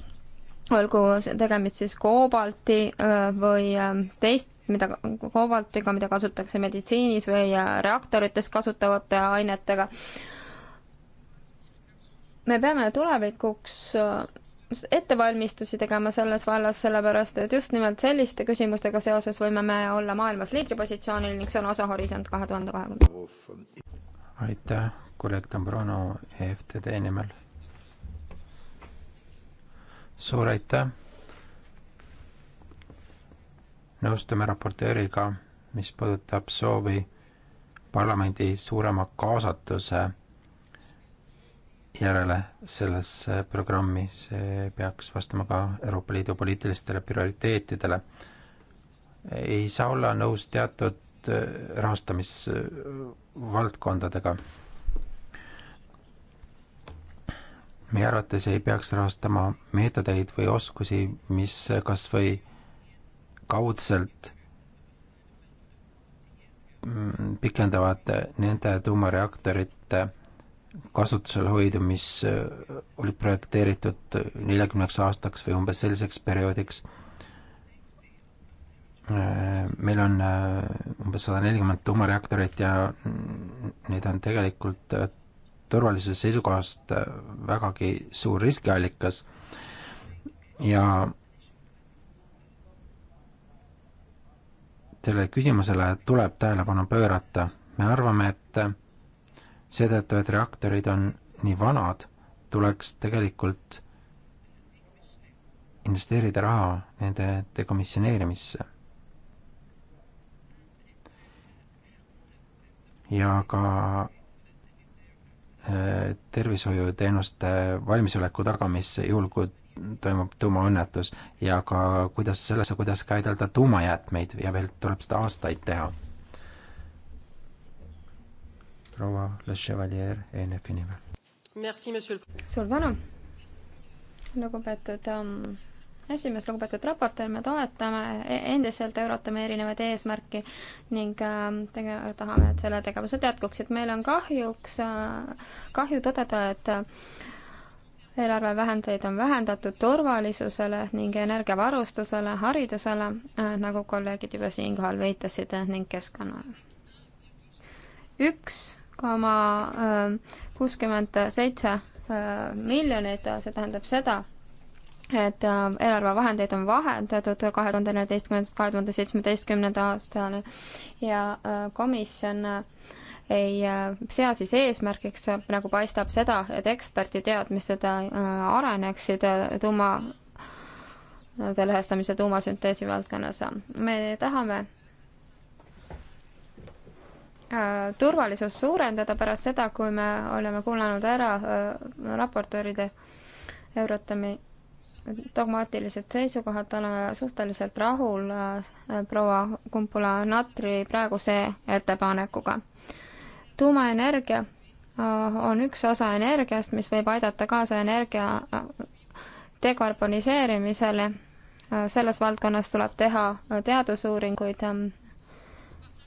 olgu tegemist siis koobalti äh, või äh, teist, mida, koobaltiga, mida kasutatakse meditsiinis või äh, reaktorites kasutavate ainetega. me peame tulevikuks ettevalmistusi tegema selles vallas, sellepärast et just nimelt selliste küsimustega seoses võime me olla maailmas liidripositsioonil ning see on osa Horisont kahe tuhande kahekümne. aitäh, kolleeg Tambrano EFTD nimel. suur aitäh. nõustume raportööriga, mis puudutab soovi parlamendi suurema kaasatuse järele sellesse programmi, see peaks vastama ka Euroopa Liidu poliitilistele prioriteetidele. ei saa olla nõus teatud äh, rahastamisvaldkondadega. meie arvates ei peaks rahastama meetodeid või oskusi, mis kas või kaudselt mm, pikendavad nende tuumareaktorite kasutusel hoida, mis äh, olid projekteeritud neljakümneks aastaks või umbes selliseks perioodiks. Äh, meil on äh, umbes sada nelikümmend tuumareaktorit ja neid on tegelikult turvalisuse seisukohast vägagi suur riskiallikas ja sellele küsimusele tuleb tähelepanu pöörata. me arvame, et seetõttu, et reaktorid on nii vanad, tuleks tegelikult investeerida raha nende dekomissioneerimisse. ja ka äh, tervishoiuteenuste valmisoleku tagamisse, juhul kui toimub tuumaõnnetus ja ka kuidas sellesse, kuidas käidelda tuumajäätmeid ja veel tuleb seda aastaid teha proua Le Chevalier ENF-i nimel. suur tänu, lugupeetud um, esimees, lugupeetud raportöör, me toetame e-, endiselt Eurotome erinevaid eesmärki ning ähm, tege-, tahame, et selle tegevused jätkuksid. meil on kahjuks, äh, kahju tõdeda, et äh, eelarvevähendeid on vähendatud turvalisusele ning energiavarustusele, haridusele, äh, nagu kolleegid juba siinkohal viitasid, ning keskkonnale. üks koma äh, kuuskümmend seitse äh, miljonit, see tähendab seda, et äh, eelarvevahendeid on vahendatud kahe tuhande neljateistkümnendast kahe tuhande seitsmeteistkümnenda aastani ja komisjon ei sea siis eesmärgiks, nagu paistab seda, et ekspertiteadmised areneksid tuuma, lõhestamise tuumasünteesi valdkonnas. me tahame Äh, turvalisust suurendada pärast seda, kui me oleme kuulanud ära äh, raportööride Eurotami dogmaatilised seisukohad, oleme suhteliselt rahul äh, proua Kumpula-Natri praeguse ettepanekuga. tuumaenergia on üks osa energiast, mis võib aidata kaasa energia dekarboniseerimisele selles valdkonnas tuleb teha teadusuuringuid ähm,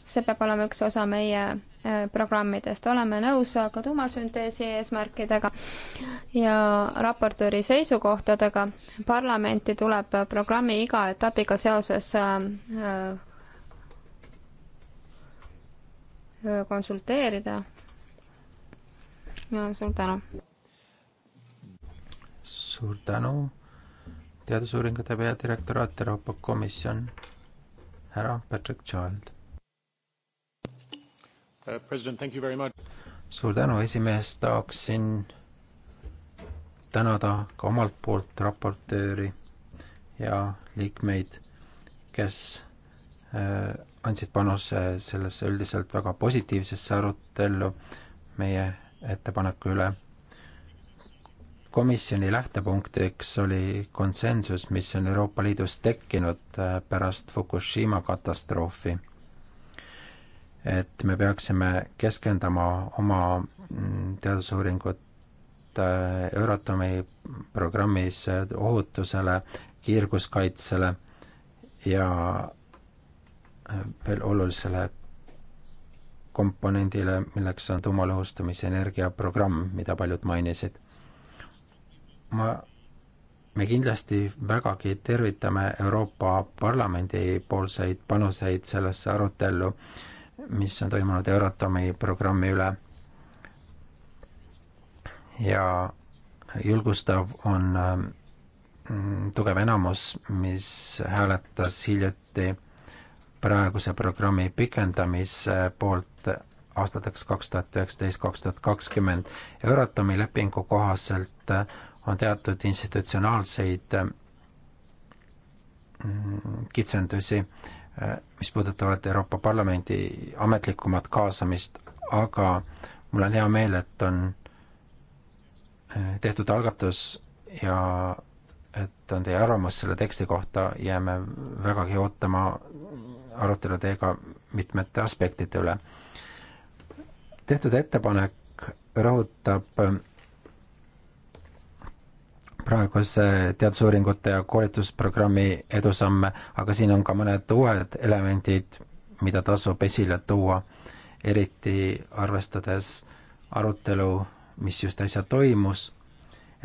see peab olema üks osa meie äh, programmidest. oleme nõus ka tuumasünteesi eesmärkidega ja raportööri seisukohtadega. parlamenti tuleb programmi iga etapiga seoses äh, äh, konsulteerida. suur tänu. suur tänu, teadusuuringute peadirektoraat, Euroopa Komisjon, härra Patrick Child Uh, suur tänu, esimees, tahaksin tänada ka omalt poolt raportööri ja liikmeid, kes äh, andsid panuse sellesse üldiselt väga positiivsesse arutellu meie ettepaneku üle. komisjoni lähtepunktiks oli konsensus, mis on Euroopa Liidus tekkinud äh, pärast Fukushima katastroofi et me peaksime keskendama oma mm, teadusuuringut äh, Euratomi programmis äh, ohutusele, kiirguskaitsele ja äh, veel olulisele komponendile, milleks on tuumalõhustamise energiaprogramm, mida paljud mainisid. ma, me kindlasti vägagi tervitame Euroopa Parlamendi poolseid panuseid sellesse arutellu äh, mis on toimunud Euratomi programmi üle. ja julgustav on mm, tugev enamus, mis hääletas hiljuti praeguse programmi pikendamise poolt aastateks kaks tuhat üheksateist, kaks tuhat kakskümmend. Euratomi lepingu kohaselt on teatud institutsionaalseid mm, kitsendusi äh, Äh, mis puudutavad Euroopa Parlamendi ametlikumat kaasamist, aga mul on hea meel, et on äh, tehtud algatus ja et on teie arvamus selle teksti kohta, jääme vägagi ootama arutelu teiega mitmete aspektide üle. tehtud ettepanek rõhutab praeguse teadusuuringute ja koolitusprogrammi edusamme, aga siin on ka mõned uued elemendid, mida tasub esile tuua, eriti arvestades arutelu, mis just äsja toimus.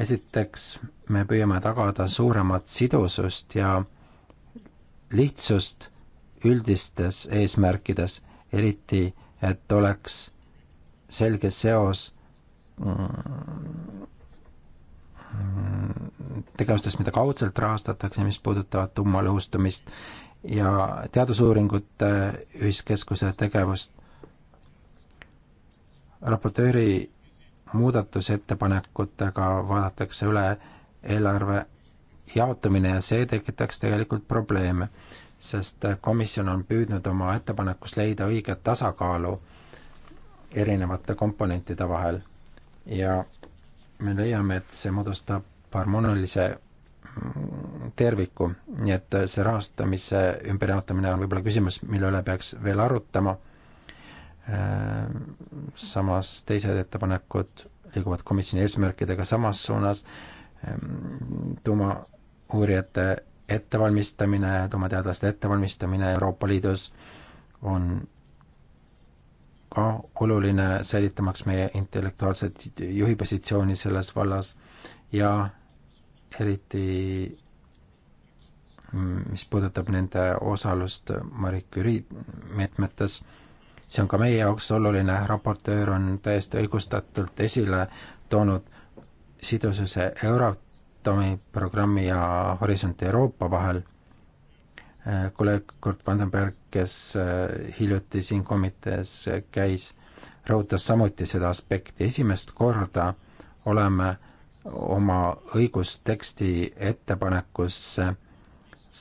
esiteks, me püüame tagada suuremat sidusust ja lihtsust üldistes eesmärkides, eriti et oleks selge seos mm, Mm, tegevustest, mida kaudselt rahastatakse, mis puudutavad tummalõhustumist ja teadusuuringute ühiskeskuse tegevust. raportööri muudatusettepanekutega vaadatakse üle eelarve jaotumine ja see tekitaks tegelikult probleeme, sest komisjon on püüdnud oma ettepanekus leida õiget tasakaalu erinevate komponentide vahel ja me leiame, et see moodustab harmoonilise terviku, nii et see rahastamise ümberjaotamine on võib-olla küsimus, mille üle peaks veel arutama, samas teised ettepanekud liiguvad komisjoni eesmärkidega samas suunas, tuumauurijate ettevalmistamine, tuumateadlaste ettevalmistamine Euroopa Liidus on ka oluline säilitamaks meie intellektuaalset juhipositsiooni selles vallas ja eriti mm, mis puudutab nende osalust Marie Curie meetmetes, see on ka meie jaoks oluline, raportöör on täiesti õigustatult esile toonud sidususe Euratomi programmi ja Horisont Euroopa vahel Äh, kolleeg Kurt Vandenberg, kes äh, hiljuti siin komitees äh, käis, rõhutas samuti seda aspekti, esimest korda oleme oma õigusteksti ettepanekusse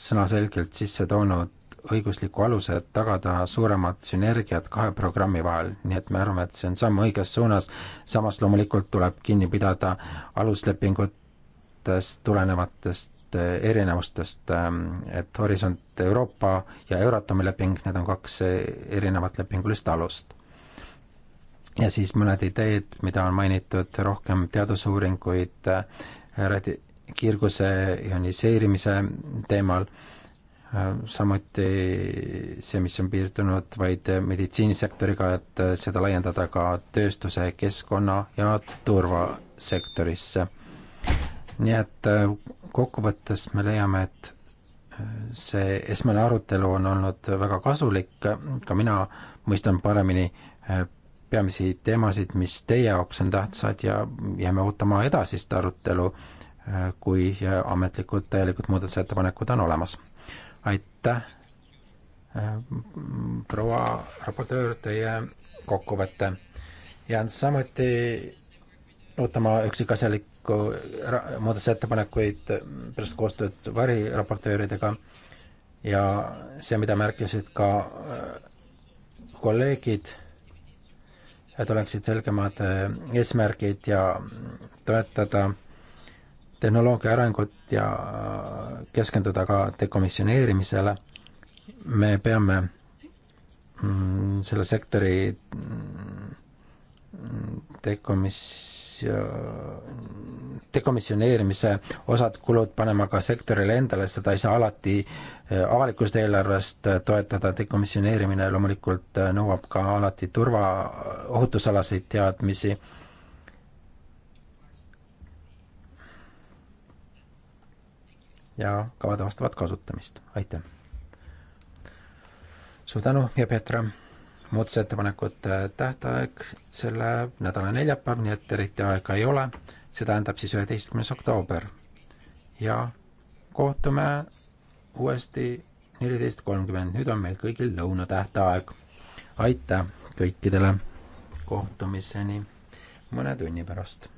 sõnaselgelt sisse toonud õigusliku aluse, et tagada suuremat sünergiat kahe programmi vahel, nii et me arvame, et see on samm õiges suunas, samas loomulikult tuleb kinni pidada aluslepingut erinevatest tulenevatest äh, erinevustest, ähm, et Horisont Euroopa ja Euratomi leping, need on kaks äh, erinevat lepingulist alust. ja siis mõned ideed, mida on mainitud, rohkem teadusuuringuid äh, radi-, kiirguse ioniseerimise teemal, samuti see, mis on piirdunud vaid meditsiinisektoriga, et seda laiendada ka tööstuse, keskkonna ja turvasektorisse nii et äh, kokkuvõttes me leiame, et äh, see esmane arutelu on olnud väga kasulik, ka mina mõistan paremini äh, peamisi teemasid, mis teie jaoks on tähtsad ja jääme ootama edasist arutelu, kui ametlikud täielikud muudatusettepanekud on olemas. aitäh, proua raportöör, teie kokkuvõte. jään samuti ootama üksikasjalikku muudatusettepanekuid pärast koostööd variraportööridega ja see, mida märkisid ka äh, kolleegid, et oleksid selgemad äh, eesmärgid ja toetada tehnoloogia arengut ja äh, keskenduda ka dekomisjoneerimisele. me peame mm, selle sektori mm, dekomis-, dekomisjon, äh, dekomisjoneerimise osad kulud panema ka sektorile endale, seda ei saa alati äh, avalikust eelarvest äh, toetada, dekomisjoneerimine loomulikult nõuab ka alati turvaohutusalaseid teadmisi ja kavade vastavat kasutamist, aitäh! suur tänu ja Petra! muudatusettepanekute tähtaeg selle nädala neljapäev, nii et eriti aega ei ole, see tähendab siis üheteistkümnes oktoober. ja kohtume uuesti neliteist kolmkümmend, nüüd on meil kõigil lõunatähtaeg. aitäh kõikidele, kohtumiseni mõne tunni pärast!